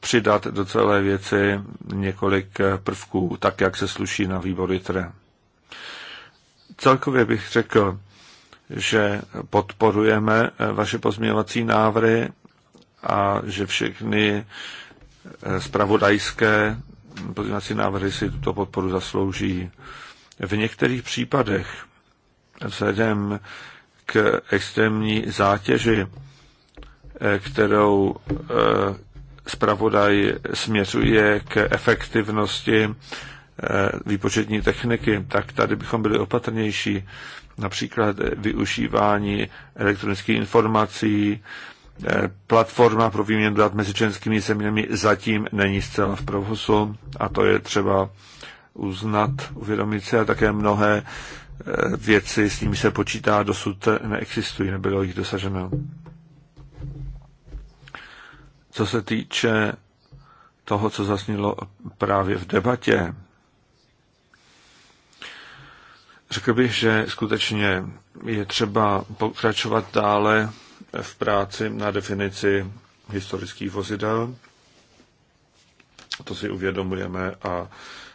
přidat do celé věci několik prvků, tak jak se sluší na výbory TRE. Celkově bych řekl, že podporujeme vaše pozměňovací návrhy a že všechny spravodajské pozměňovací návrhy si tuto podporu zaslouží. V některých případech vzhledem k extrémní zátěži, eh, kterou eh, zpravodaj směřuje k efektivnosti eh, výpočetní techniky, tak tady bychom byli opatrnější. Například využívání elektronických informací, eh, platforma pro výměnu dat mezi členskými zeměmi zatím není zcela v provozu a to je třeba uznat, uvědomit se a také mnohé eh, věci, s nimi se počítá, dosud neexistují, nebylo jich dosaženo. Co se týče toho, co zasnělo právě v debatě, řekl bych, že skutečně je třeba pokračovat dále v práci na definici historických vozidel. To si uvědomujeme a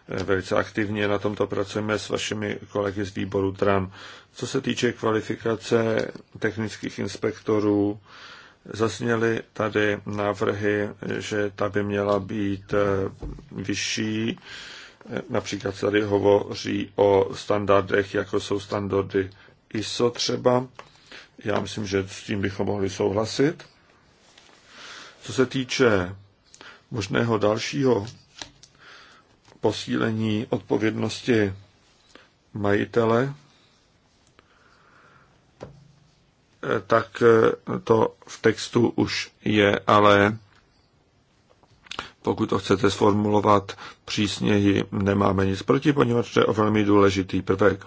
velice aktivně na tomto pracujeme s vašimi kolegy z výboru tram. Co se týče kvalifikace technických inspektorů, Zazněly tady návrhy, že ta by měla být eh, vyšší. Eh, například tady hovoří o standardech, jako jsou standardy ISO třeba. Já myslím, že s tím bychom mohli souhlasit. Co se týče možného dalšího posílení odpovědnosti majitele, tak eh, to v textu už je, ale pokud to chcete sformulovat přísněji, nemáme nic proti, poněvadž to je o velmi důležitý prvek.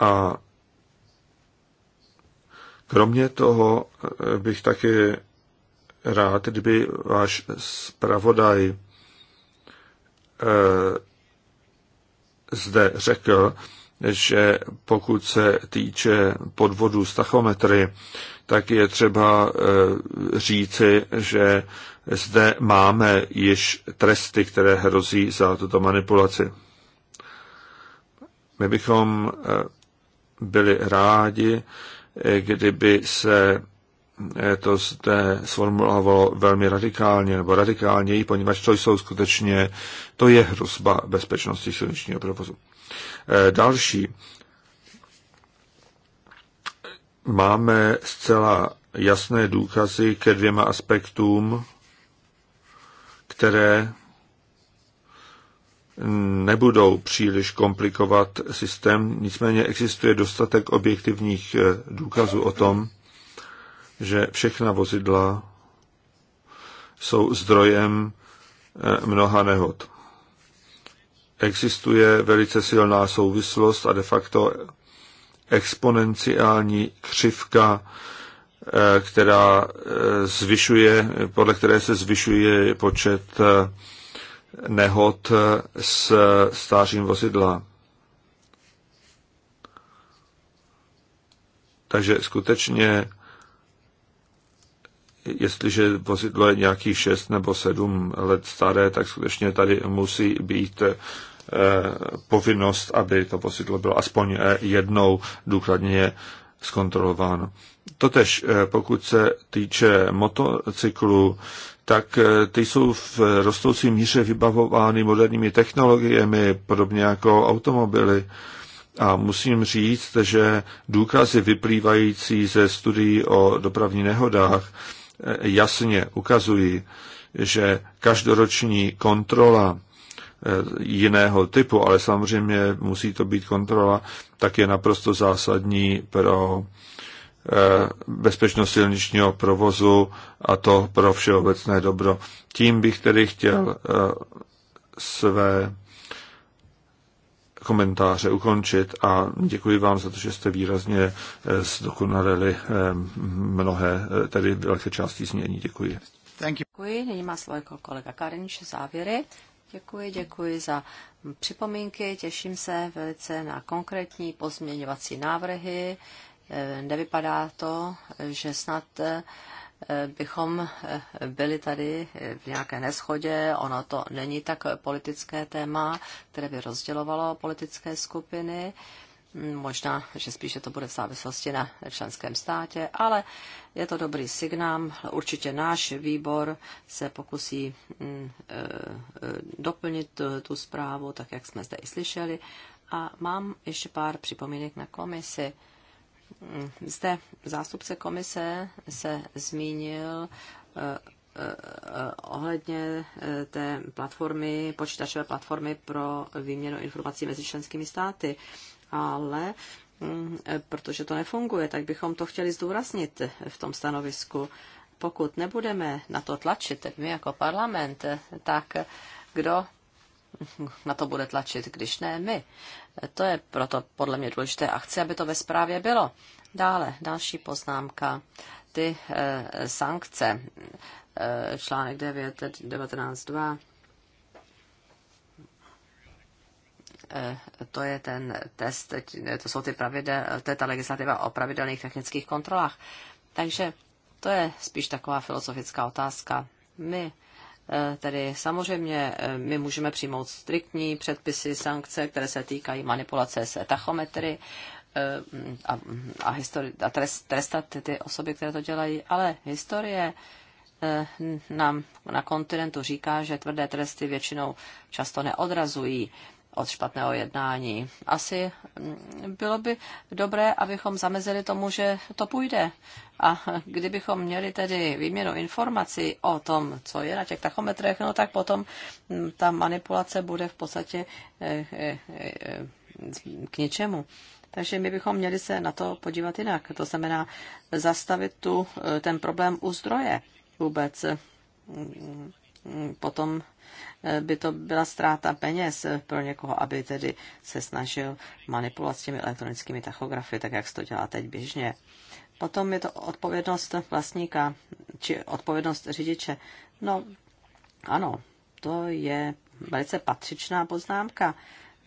A kromě toho eh, bych taky rád, kdyby váš zpravodaj eh, zde řekl, že pokud se týče podvodu s tachometry, tak je třeba eh, říci, že zde máme již tresty, které hrozí za tuto manipulaci. My bychom eh, byli rádi, eh, kdyby se to zde sformulovalo velmi radikálně nebo radikálněji, poněvadž to jsou skutečně, to je hrozba bezpečnosti silničního provozu. Eh, další. Máme zcela jasné důkazy ke dvěma aspektům, které nebudou příliš komplikovat systém, nicméně existuje dostatek objektivních eh, důkazů o tom, že všechna vozidla jsou zdrojem eh, mnoha nehod existuje velice silná souvislost a de facto exponenciální křivka, eh, která eh, zvyšuje, podle které se zvyšuje počet eh, nehod s stářím vozidla. Takže skutečně jestliže vozidlo je nějaký 6 nebo 7 let staré, tak skutečně tady musí být eh, povinnost, aby to vozidlo bylo aspoň eh, jednou důkladně zkontrolováno. Totež eh, pokud se týče motocyklů, tak ty jsou v rostoucí míře vybavovány moderními technologiemi, podobně jako automobily. A musím říct, že důkazy vyplývající ze studií o dopravních nehodách jasně ukazují, že každoroční kontrola eh, jiného typu, ale samozřejmě musí to být kontrola, tak je naprosto zásadní pro eh, bezpečnost silničního provozu a to pro všeobecné dobro. Tím bych tedy chtěl eh, své komentáře ukončit a děkuji vám za to, že jste výrazně eh, zdokonalili eh, mnohé, eh, tedy velké části změní. Děkuji. Děkuji. Nyní má slovo jako kolega Karinč závěry. Děkuji, děkuji za připomínky. Těším se velice na konkrétní pozměňovací návrhy. Nevypadá to, že snad bychom eh, byli tady eh, v nějaké neschodě. Ono to není tak politické téma, které by rozdělovalo politické skupiny. Mm, možná, že spíše to bude v závislosti na členském státě, ale je to dobrý signál. Určitě náš výbor se pokusí mm, eh, doplnit tu zprávu, tak jak jsme zde i slyšeli. A mám ještě pár připomínek na komisi. Zde zástupce komise se zmínil eh, eh, ohledně eh, té platformy, počítačové platformy pro výměnu informací mezi členskými státy, ale mm, protože to nefunguje, tak bychom to chtěli zdůraznit v tom stanovisku. Pokud nebudeme na to tlačit, my jako parlament, tak kdo na to bude tlačit, když ne my. To je proto podle mě důležité a chci, aby to ve zprávě bylo. Dále, další poznámka. Ty e, sankce, e, článek 9, 19, 2, to je ten test, to jsou ty pravidel, to je ta legislativa o pravidelných technických kontrolách. Takže to je spíš taková filozofická otázka. My Eh, tedy samozřejmě eh, my můžeme přijmout striktní předpisy, sankce, které se týkají manipulace s tachometry eh, a, a, histori- a trest, trestat ty osoby, které to dělají, ale historie nám na kontinentu říká, že tvrdé tresty většinou často neodrazují od špatného jednání. Asi mm, bylo by dobré, abychom zamezili tomu, že to půjde. A kdybychom měli tedy výměnu informací o tom, co je na těch tachometrech, no tak potom mm, ta manipulace bude v podstatě eh, eh, eh, k ničemu. Takže my bychom měli se na to podívat jinak. To znamená zastavit tu, ten problém u zdroje vůbec. Mm, potom Eh, by to byla ztráta peněz pro někoho, aby tedy se snažil manipulovat s těmi elektronickými tachografy, tak jak se to dělá teď běžně. Potom je to odpovědnost vlastníka, či odpovědnost řidiče. No, ano, to je velice patřičná poznámka.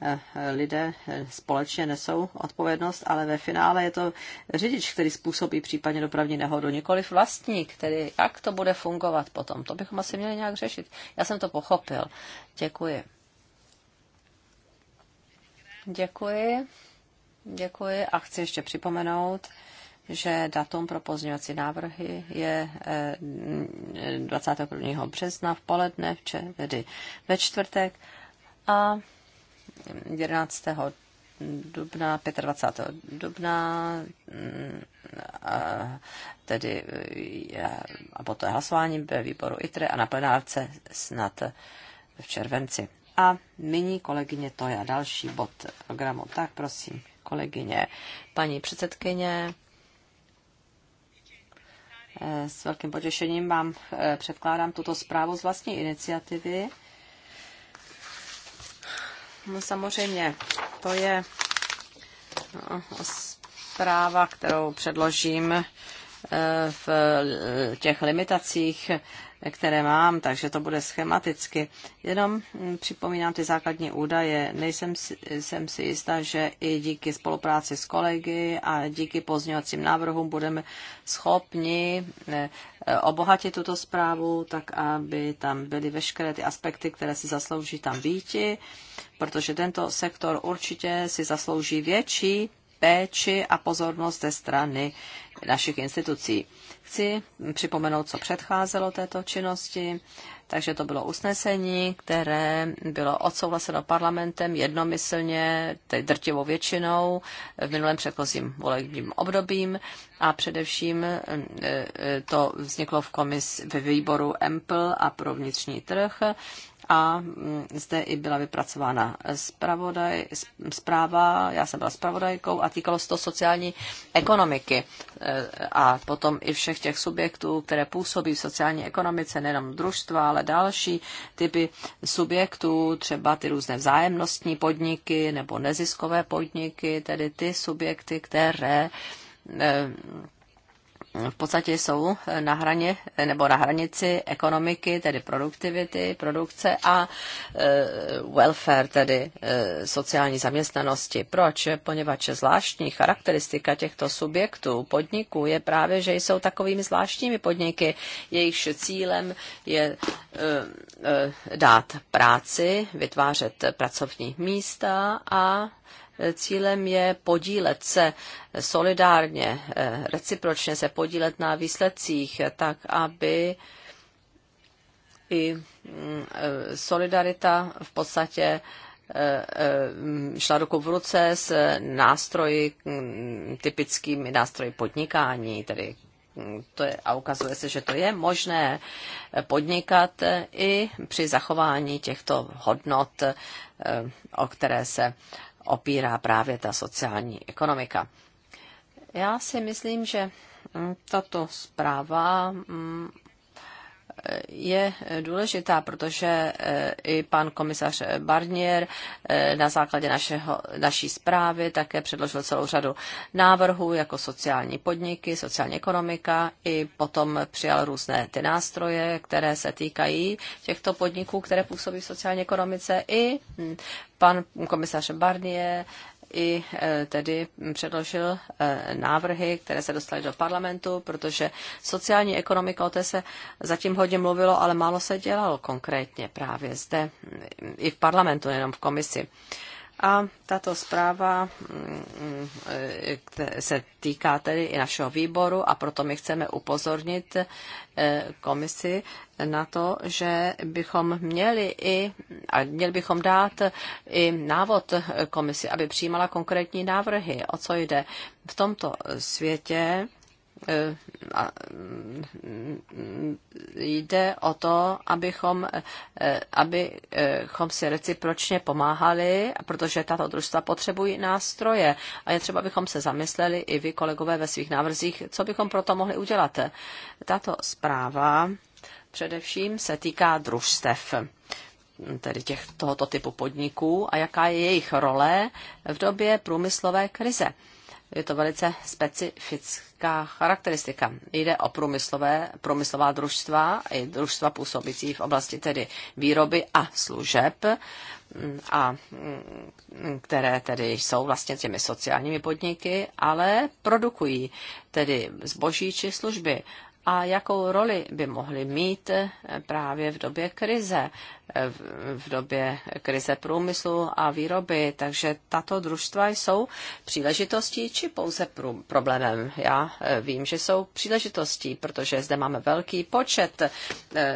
Eh, lidé eh, společně nesou odpovědnost, ale ve finále je to řidič, který způsobí případně dopravní nehodu, nikoliv vlastník, tedy jak to bude fungovat potom. To bychom asi měli nějak řešit. Já jsem to pochopil. Děkuji. Děkuji. Děkuji a chci ještě připomenout, že datum pro pozměňovací návrhy je 21. Eh, března v poledne, tedy ve čtvrtek. A 11. dubna, 25. dubna, mm, a tedy e, a poté hlasování ve výboru ITRE a na plenárce snad v červenci. A nyní kolegyně to je další bod programu. Tak prosím, kolegyně, paní předsedkyně, e, s velkým potěšením vám e, předkládám tuto zprávu z vlastní iniciativy No, samozřejmě to je no, zpráva, kterou předložím eh, v eh, těch limitacích které mám, takže to bude schematicky. Jenom mm, připomínám ty základní údaje. Nejsem si, jsem si jistá, že i díky spolupráci s kolegy a díky pozňovacím návrhům budeme schopni eh, obohatit tuto zprávu, tak aby tam byly veškeré ty aspekty, které si zaslouží tam býti, protože tento sektor určitě si zaslouží větší péči a pozornost ze strany našich institucí. Chci připomenout, co předcházelo této činnosti, takže to bylo usnesení, které bylo odsouhlaseno parlamentem jednomyslně, tedy drtivou většinou v minulém předchozím volebním obdobím a především e, e, to vzniklo v komis ve výboru EMPL a pro vnitřní trh a mm, zde i byla vypracována zpráva, já jsem byla zpravodajkou a týkalo se to sociální ekonomiky. E, a potom i všech těch subjektů, které působí v sociální ekonomice, nejenom družstva, ale další typy subjektů, třeba ty různé vzájemnostní podniky nebo neziskové podniky, tedy ty subjekty, které eh, v podstatě jsou na hraně nebo na hranici ekonomiky, tedy produktivity, produkce a e, welfare, tedy e, sociální zaměstnanosti. Proč? Poněvadž zvláštní charakteristika těchto subjektů, podniků je právě, že jsou takovými zvláštními podniky, jejichž cílem je e, dát práci, vytvářet pracovní místa a cílem je podílet se solidárně, eh, recipročně se podílet na výsledcích, tak aby i mm, eh, solidarita v podstatě eh, šla ruku v ruce s nástroji, mm, typickými nástroji podnikání, tedy mm, to je, a ukazuje se, že to je možné podnikat i při zachování těchto hodnot, o které se opírá právě ta sociální ekonomika. Já si myslím, že tato zpráva mm, je důležitá, protože e, i pan komisař Barnier e, na základě našeho, naší zprávy také předložil celou řadu návrhů, jako sociální podniky, sociální ekonomika, i potom přijal různé ty nástroje, které se týkají těchto podniků, které působí v sociální ekonomice, i hm, pan komisař Barnier i e, tedy předložil e, návrhy, které se dostaly do parlamentu, protože sociální ekonomika, o té se zatím hodně mluvilo, ale málo se dělalo konkrétně právě zde, i v parlamentu, nejenom v komisi. A tato zpráva mm, mm, e, se týká tedy i našeho výboru a proto my chceme upozornit e, komisi na to, že bychom měli i, a měli bychom dát i návod komisi, aby přijímala konkrétní návrhy, o co jde. V tomto světě Eh, mm, jde o to, abychom, eh, abychom si recipročně pomáhali, protože tato družstva potřebují nástroje. A je třeba, abychom se zamysleli i vy, kolegové, ve svých návrzích, co bychom proto mohli udělat. Tato zpráva především se týká družstev tedy těch, tohoto typu podniků a jaká je jejich role v době průmyslové krize je to velice specifická charakteristika. Jde o průmyslové, průmyslová družstva, i družstva působící v oblasti tedy výroby a služeb, mm, a mm, které tedy jsou vlastně těmi sociálními podniky, ale produkují tedy zboží či služby a jakou roli by mohly mít eh, právě v době krize, eh, v době krize průmyslu a výroby. Takže tato družstva jsou příležitostí či pouze problémem. Já eh, vím, že jsou příležitostí, protože zde máme velký počet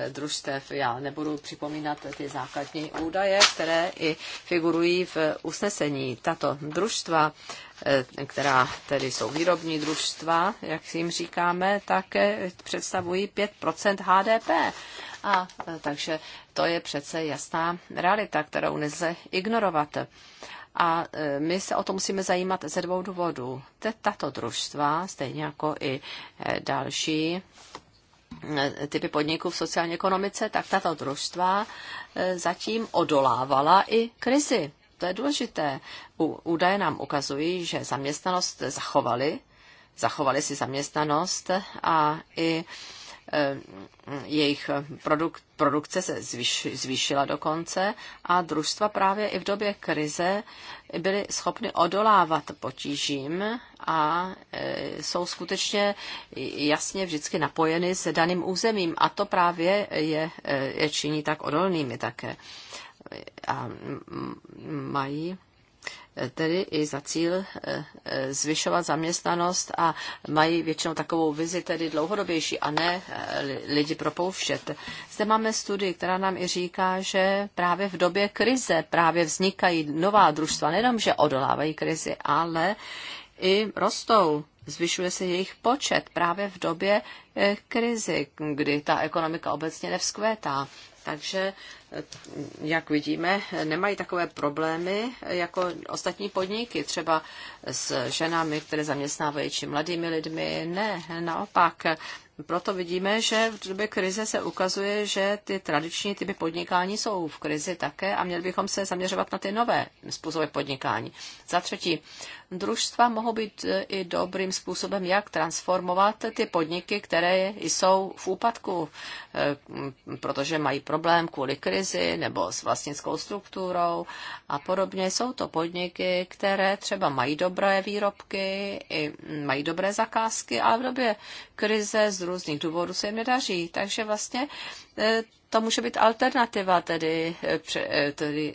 družstev. Já nebudu připomínat ty základní údaje, které i figurují v usnesení. Tato družstva Eh, která tedy jsou výrobní družstva, jak jim říkáme, tak eh, představují 5 HDP. A eh, takže to je přece jasná realita, kterou nelze ignorovat. A my se o to musíme zajímat ze dvou důvodů. Tato družstva, stejně jako i další typy podniků v sociální ekonomice, tak tato družstva zatím odolávala i krizi. To je důležité. Údaje nám ukazují, že zaměstnanost zachovali, zachovali si zaměstnanost a i eh, jejich produk, produkce se zvýš, zvýšila dokonce a družstva právě i v době krize byly schopny odolávat potížím a eh, jsou skutečně jasně vždycky napojeny s daným územím a to právě je, eh, je činí tak odolnými také a mají tedy i za cíl eh, eh, zvyšovat zaměstnanost a mají většinou takovou vizi tedy dlouhodobější a ne eh, lidi propouštět. Zde máme studii, která nám i říká, že právě v době krize právě vznikají nová družstva, nejenom, že odolávají krizi, ale i rostou. Zvyšuje se jejich počet právě v době krizi, kdy ta ekonomika obecně nevzkvétá. Takže, eh, jak vidíme, nemají takové problémy jako ostatní podniky, třeba s ženami, které zaměstnávají, či mladými lidmi. Ne, naopak. Proto vidíme, že v době krize se ukazuje, že ty tradiční typy podnikání jsou v krizi také a měli bychom se zaměřovat na ty nové způsoby podnikání. Za třetí, družstva mohou být e, i dobrým způsobem, jak transformovat ty podniky, které jsou v úpadku, e, protože mají problém kvůli krizi nebo s vlastnickou strukturou a podobně. Jsou to podniky, které třeba mají dobré výrobky, mají dobré zakázky, ale v době krize z různých důvodů se jim nedaří. Takže vlastně Eh, to může být alternativa, tedy, eh, eh, tedy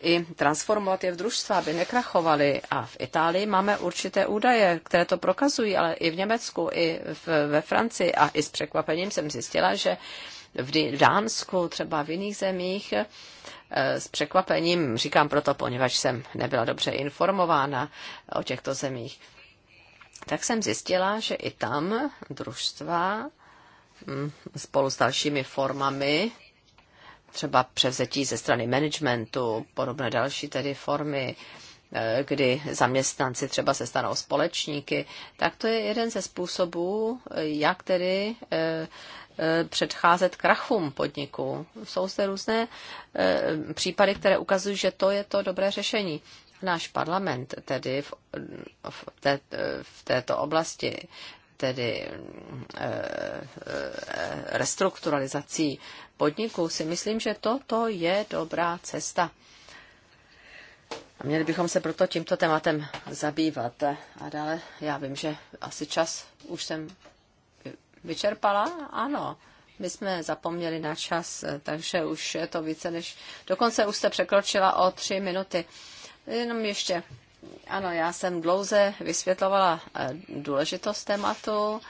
i transformovat je v družstva, aby nekrachovaly. A v Itálii máme určité údaje, které to prokazují, ale i v Německu, i v, ve Francii. A i s překvapením jsem zjistila, že v Dánsku, třeba v jiných zemích, s překvapením, říkám proto, poněvadž jsem nebyla dobře informována o těchto zemích, tak jsem zjistila, že i tam družstva Mm, spolu s dalšími formami, třeba převzetí ze strany managementu, podobné další tedy formy, eh, kdy zaměstnanci třeba se stanou společníky, tak to je jeden ze způsobů, eh, jak tedy eh, předcházet krachům podniku. Jsou zde různé případy, které ukazují, že to je to dobré řešení. Náš parlament tedy v, v, té, v této oblasti tedy eh, eh, restrukturalizací podniků, si myslím, že toto je dobrá cesta. A měli bychom se proto tímto tématem zabývat. A dále, já vím, že asi čas už jsem vyčerpala. Ano, my jsme zapomněli na čas, takže už je to více než... Dokonce už jste překročila o tři minuty. Jenom ještě ano, já jsem dlouze vysvětlovala eh, důležitost tématu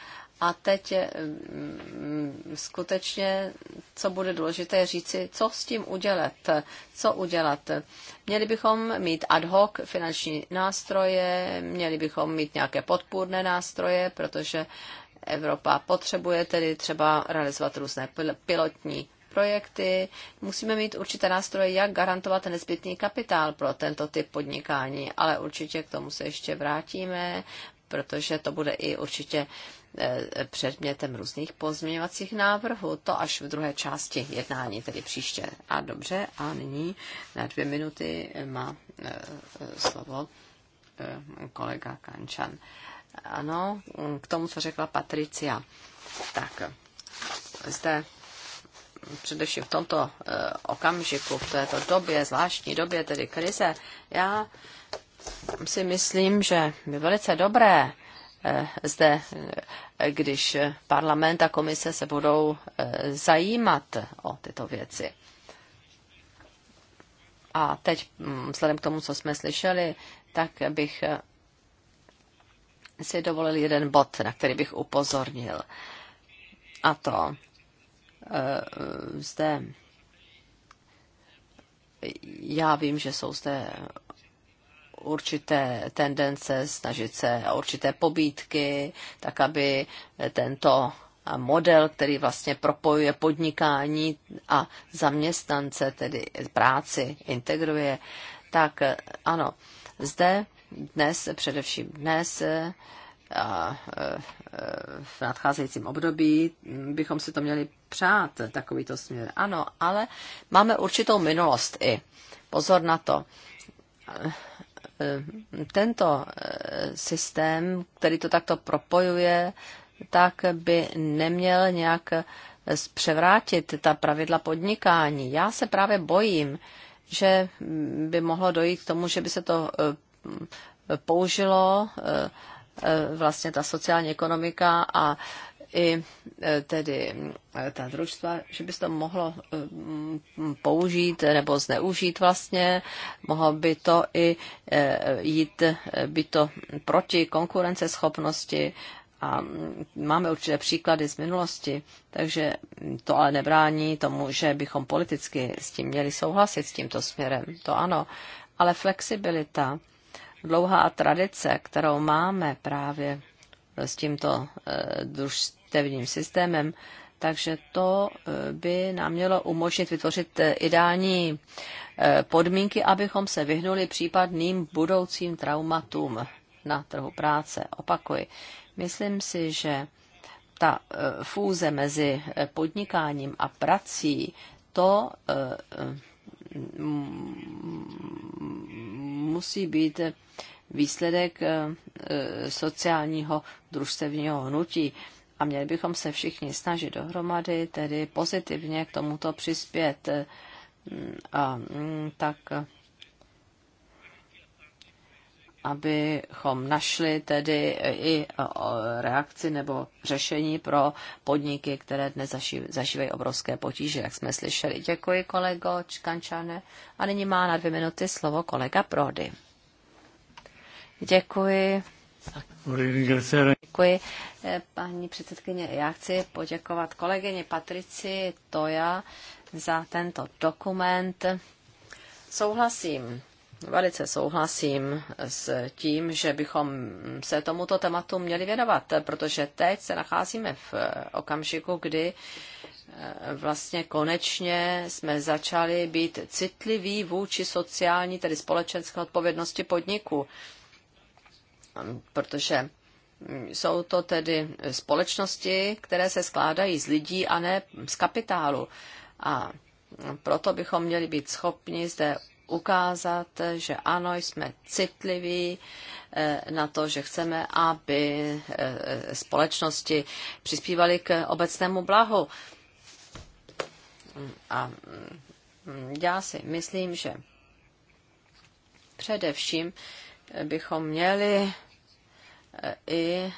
a teď eh, mm, skutečně, co bude důležité, říci, co s tím udělat. Co udělat? Měli bychom mít ad hoc finanční nástroje, měli bychom mít nějaké podpůrné nástroje, protože Evropa potřebuje tedy třeba realizovat různé pilotní projekty. Musíme mít určité nástroje, jak garantovat nezbytný kapitál pro tento typ podnikání, ale určitě k tomu se ještě vrátíme, protože to bude i určitě e, předmětem různých pozměňovacích návrhů. To až v druhé části jednání, tedy příště. A dobře, a nyní na dvě minuty má e, e, slovo kolega Kančan. Ano, k tomu, co řekla Patricia. Tak, zde především v tomto eh, okamžiku, v této době, zvláštní době, tedy krize, já si myslím, že je velice dobré eh, zde, eh, když parlament a komise se budou zajímat o tyto věci. A teď, mm, vzhledem k tomu, co jsme slyšeli, tak bych si dovolil jeden bod, na který bych upozornil. A to Eh, zde já vím, že jsou zde určité tendence snažit se určité pobídky, tak aby tento model, který vlastně propojuje podnikání a zaměstnance, tedy práci, integruje, tak eh, ano, zde dnes, především dnes, eh, a, v nadcházejícím období bychom si to měli přát, takovýto směr. Ano, ale máme určitou minulost i. Pozor na to. Tento eh, systém, který to takto propojuje, tak by neměl nějak eh, převrátit ta pravidla podnikání. Já se právě bojím, že by mohlo dojít k tomu, že by se to eh, použilo Eh, vlastně ta sociální ekonomika a i eh, tedy eh, ta družstva, že by se to mohlo použít nebo zneužít vlastně, mohlo by to i jít, by to proti konkurenceschopnosti a máme určité příklady z minulosti, takže to ale nebrání tomu, že bychom politicky s tím měli souhlasit, s tímto směrem, to ano, ale flexibilita dlouhá tradice, kterou máme právě s tímto eh, družstevním systémem, takže to eh, by nám mělo umožnit vytvořit eh, ideální podmínky, abychom se vyhnuli případným budoucím traumatům na trhu práce. Opakuji, myslím si, že ta fúze mezi podnikáním a prací, to musí být výsledek eh, eh, sociálního družstevního hnutí. A měli bychom se všichni snažit dohromady, tedy pozitivně k tomuto přispět. Eh, a mm, tak abychom našli tedy i reakci nebo řešení pro podniky, které dnes zažívají obrovské potíže, jak jsme slyšeli. Děkuji, kolego Čkančane. A nyní má na dvě minuty slovo kolega Prody. Děkuji. Děkuji, eh, paní předsedkyně. Já chci poděkovat kolegyně Patrici Toja za tento dokument. Souhlasím velice souhlasím s tím, že bychom se tomuto tématu měli věnovat, protože teď se nacházíme v okamžiku, kdy eh, vlastně konečně jsme začali být citliví vůči sociální, tedy společenské odpovědnosti podniku. Protože jsou to tedy společnosti, které se skládají z lidí a ne z kapitálu. A proto bychom měli být schopni zde ukázat, že ano, jsme citliví eh, na to, že chceme, aby eh, společnosti přispívaly k obecnému blahu. A mm, já si myslím, že především bychom měli eh, i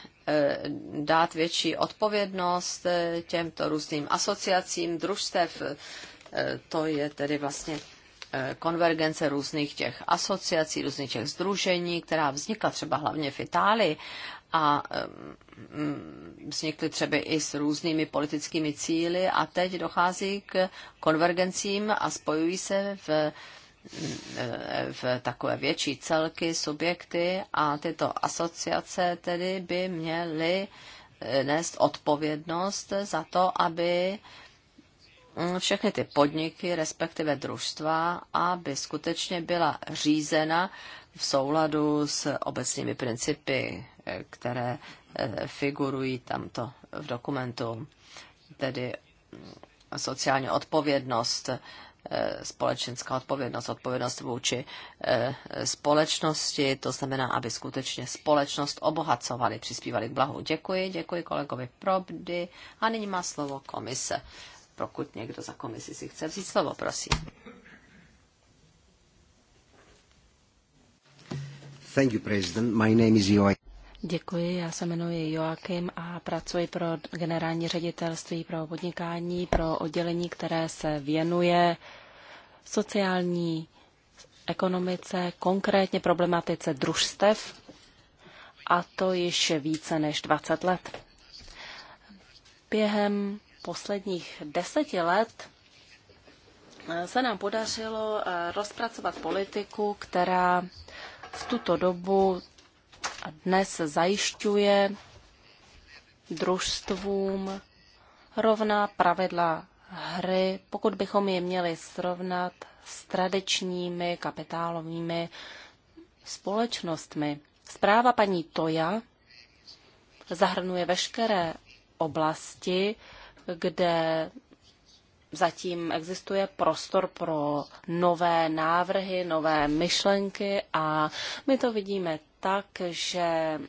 dát větší odpovědnost těmto různým asociacím, družstev. To je tedy vlastně Eh, konvergence různých těch asociací, různých těch združení, která vznikla třeba hlavně v Itálii a eh, mm, vznikly třeba i s různými politickými cíly a teď dochází k konvergencím a spojují se v eh, v takové větší celky, subjekty a tyto asociace tedy by měly nést odpovědnost za to, aby Mm, všechny ty podniky, respektive družstva, aby skutečně byla řízena v souladu s obecnými principy, eh, které eh, figurují tamto v dokumentu, tedy mm, sociální odpovědnost, eh, společenská odpovědnost, odpovědnost vůči společnosti, to znamená, aby skutečně společnost obohacovali, přispívali k blahu. Děkuji, děkuji kolegovi Probdy a nyní má slovo komise pokud někdo za komisi si chce vzít slovo, prosím. Thank you, President. My name is Joachim. Děkuji, já se jmenuji Joakim a pracuji pro generální ředitelství pro podnikání, pro oddělení, které se věnuje sociální ekonomice, konkrétně problematice družstev, a to již více než 20 let. Během posledních deseti let se nám podařilo eh, rozpracovat politiku, která v tuto dobu dnes zajišťuje družstvům rovná pravidla hry, pokud bychom je měli srovnat s tradičními kapitálovými společnostmi. Zpráva paní Toja zahrnuje veškeré oblasti, kde zatím existuje prostor pro nové návrhy, nové myšlenky a my to vidíme tak, že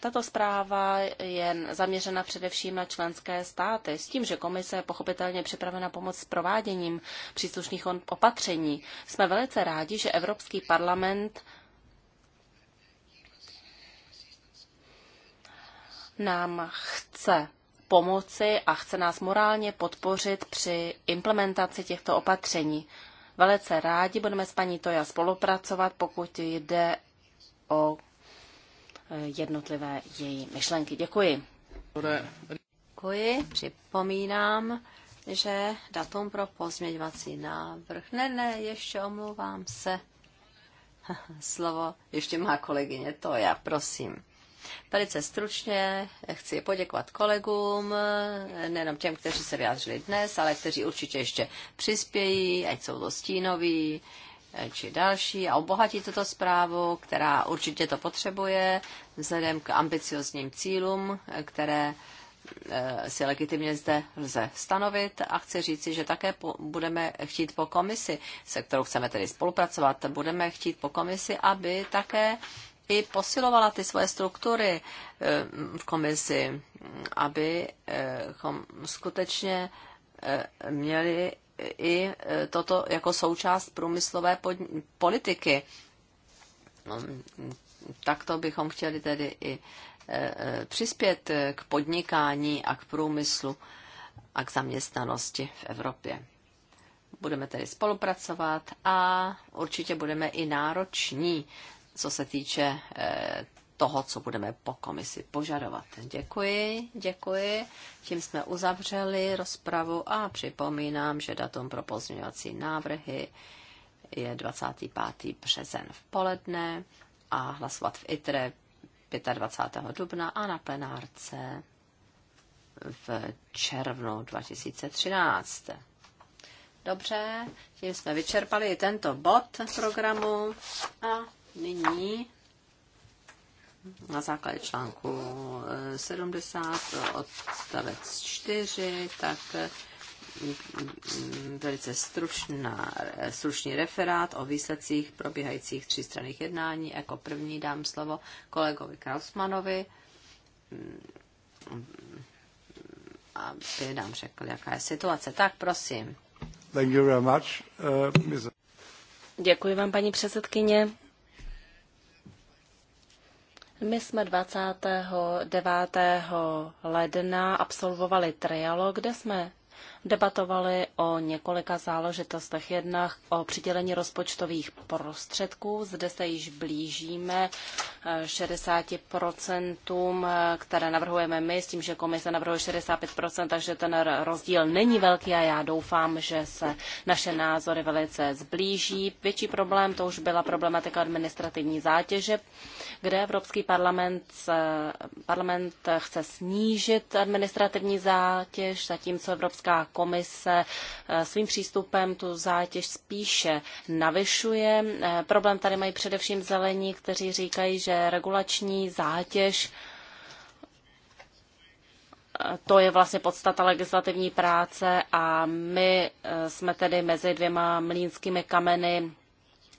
tato zpráva je zaměřena především na členské státy, s tím, že komise je pochopitelně připravena pomoct s prováděním příslušných opatření. Jsme velice rádi, že Evropský parlament nám chce pomoci a chce nás morálně podpořit při implementaci těchto opatření. Velice rádi budeme s paní Toja spolupracovat, pokud jde o e, jednotlivé její myšlenky. Děkuji. Děkuji. Připomínám, že datum pro pozměňovací návrh. Ne, ne, ještě omlouvám se. Slovo ještě má kolegyně Toja, prosím. Velice stručně chci poděkovat kolegům, nejenom těm, kteří se vyjádřili dnes, ale kteří určitě ještě přispějí, ať jsou to stínoví eh, či další a obohatí tuto zprávu, která určitě to potřebuje vzhledem k ambiciozním cílům, které eh, si legitimně zde lze stanovit a chci říci, že také po, budeme chtít po komisi, se kterou chceme tedy spolupracovat, budeme chtít po komisi, aby také i posilovala ty svoje struktury eh, v komisi, abychom eh, skutečně eh, měli i toto jako součást průmyslové politiky. No, Takto bychom chtěli tedy i přispět k podnikání a k průmyslu a k zaměstnanosti v Evropě. Budeme tedy spolupracovat a určitě budeme i nároční co se týče eh, toho, co budeme po komisi požadovat. Děkuji, děkuji. Tím jsme uzavřeli rozpravu a připomínám, že datum pro pozměňovací návrhy je 25. březen v poledne a hlasovat v ITRE 25. dubna a na plenárce v červnu 2013. Dobře, tím jsme vyčerpali tento bod programu a Nyní na základě článku 70 eh, odstavec 4, tak eh, mm, velice stručná, eh, stručný referát o výsledcích probíhajících třístranných jednání. Jako první dám slovo kolegovi Krausmanovi, mm, aby nám řekl, jaká je situace. Tak prosím. Thank you very much, uh, Děkuji vám, paní předsedkyně. My jsme 29. ledna absolvovali trialog, kde jsme debatovali o několika záležitostech. Jednak o přidělení rozpočtových prostředků. Zde se již blížíme 60%, eh, eh, které navrhujeme my, s tím, že komise navrhuje 65%, takže ten rozdíl není velký a já doufám, že se naše názory velice zblíží. Větší problém to už byla problematika administrativní zátěže, kde Evropský parlament, eh, parlament chce snížit administrativní zátěž, zatímco Evropská komise eh, svým přístupem tu zátěž spíše navyšuje. Eh, problém tady mají především zelení, kteří říkají, že regulační zátěž eh, to je vlastně podstata legislativní práce a my jsme tedy mezi dvěma mlínskými kameny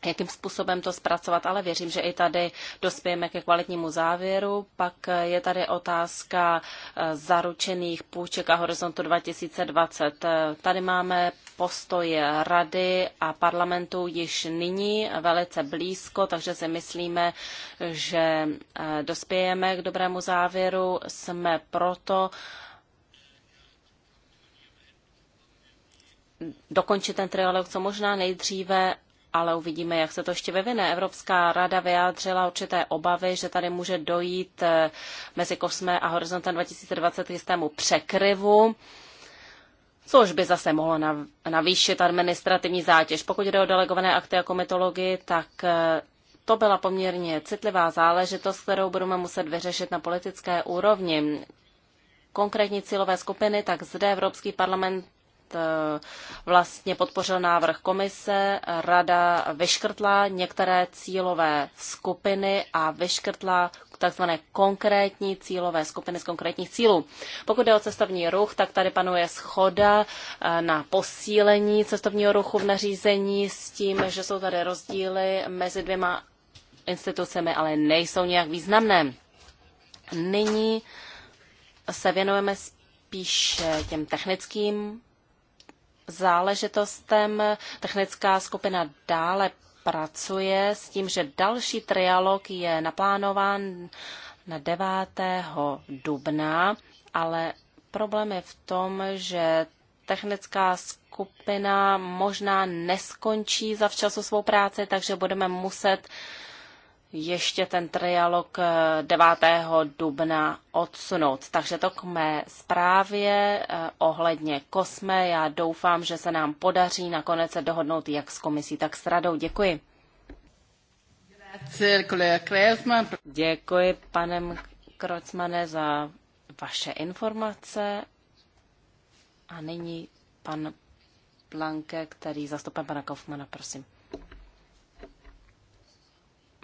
jakým způsobem to zpracovat, ale věřím, že i tady dospějeme ke kvalitnímu závěru. Pak je tady otázka eh, zaručených půjček a horizontu 2020. Eh, tady máme postoj rady a parlamentu již nyní velice blízko, takže si myslíme, že eh, dospějeme k dobrému závěru. Jsme proto, dokončit ten trialog co možná nejdříve ale uvidíme, jak se to ještě vyvine. Evropská rada vyjádřila určité obavy, že tady může dojít eh, mezi Kosme a Horizontem 2020 k jistému překryvu což by zase mohlo navýšit administrativní zátěž. Pokud jde o delegované akty a komitologii, tak eh, to byla poměrně citlivá záležitost, kterou budeme muset vyřešit na politické úrovni. Konkrétní cílové skupiny, tak zde Evropský parlament Eh, vlastně podpořil návrh komise, rada vyškrtla některé cílové skupiny a vyškrtla takzvané konkrétní cílové skupiny z konkrétních cílů. Pokud jde o cestovní ruch, tak tady panuje schoda eh, na posílení cestovního ruchu v nařízení s tím, že jsou tady rozdíly mezi dvěma institucemi, ale nejsou nějak významné. Nyní se věnujeme spíše těm technickým záležitostem technická skupina dále pracuje s tím, že další trialog je naplánován na 9. dubna, ale problém je v tom, že technická skupina možná neskončí za včasu svou práci, takže budeme muset uh, ještě ten trialog 9. Eh, dubna odsunout. Takže to k mé zprávě eh, ohledně kosme. Já doufám, že se nám podaří nakonec se dohodnout jak s komisí, tak s radou. Děkuji. Děkuji, panem Krocmane, za vaše informace. A nyní pan Blanke, který zastupuje pana Kaufmana, prosím.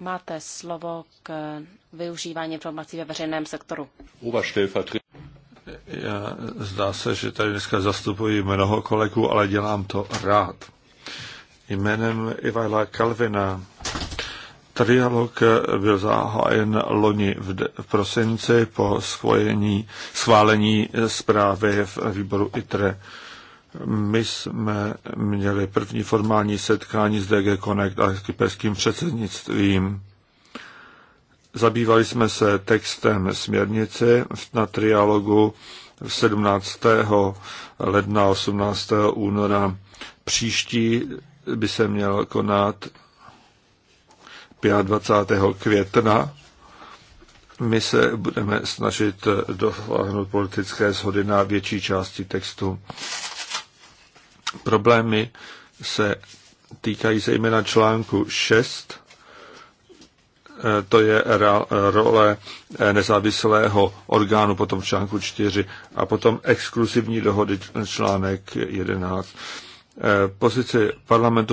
Máte slovo k využívání informací ve veřejném sektoru. Já zdá se, že tady dneska zastupuji mnoho kolegů, ale dělám to rád. Jménem Ivaila Kalvina Trialog byl zahájen loni v, de- v prosinci po schválení zprávy v výboru ITRE. My jsme měli první formální setkání s DG Connect a s kyperským předsednictvím. Zabývali jsme se textem směrnice na trialogu 17. ledna 18. února. Příští by se měl konat 25. května. My se budeme snažit dosáhnout politické shody na větší části textu. Problémy se týkají zejména článku 6, e, to je role e, nezávislého orgánu, potom článku 4 a potom exkluzivní dohody článek 11. E, Pozici parlamentu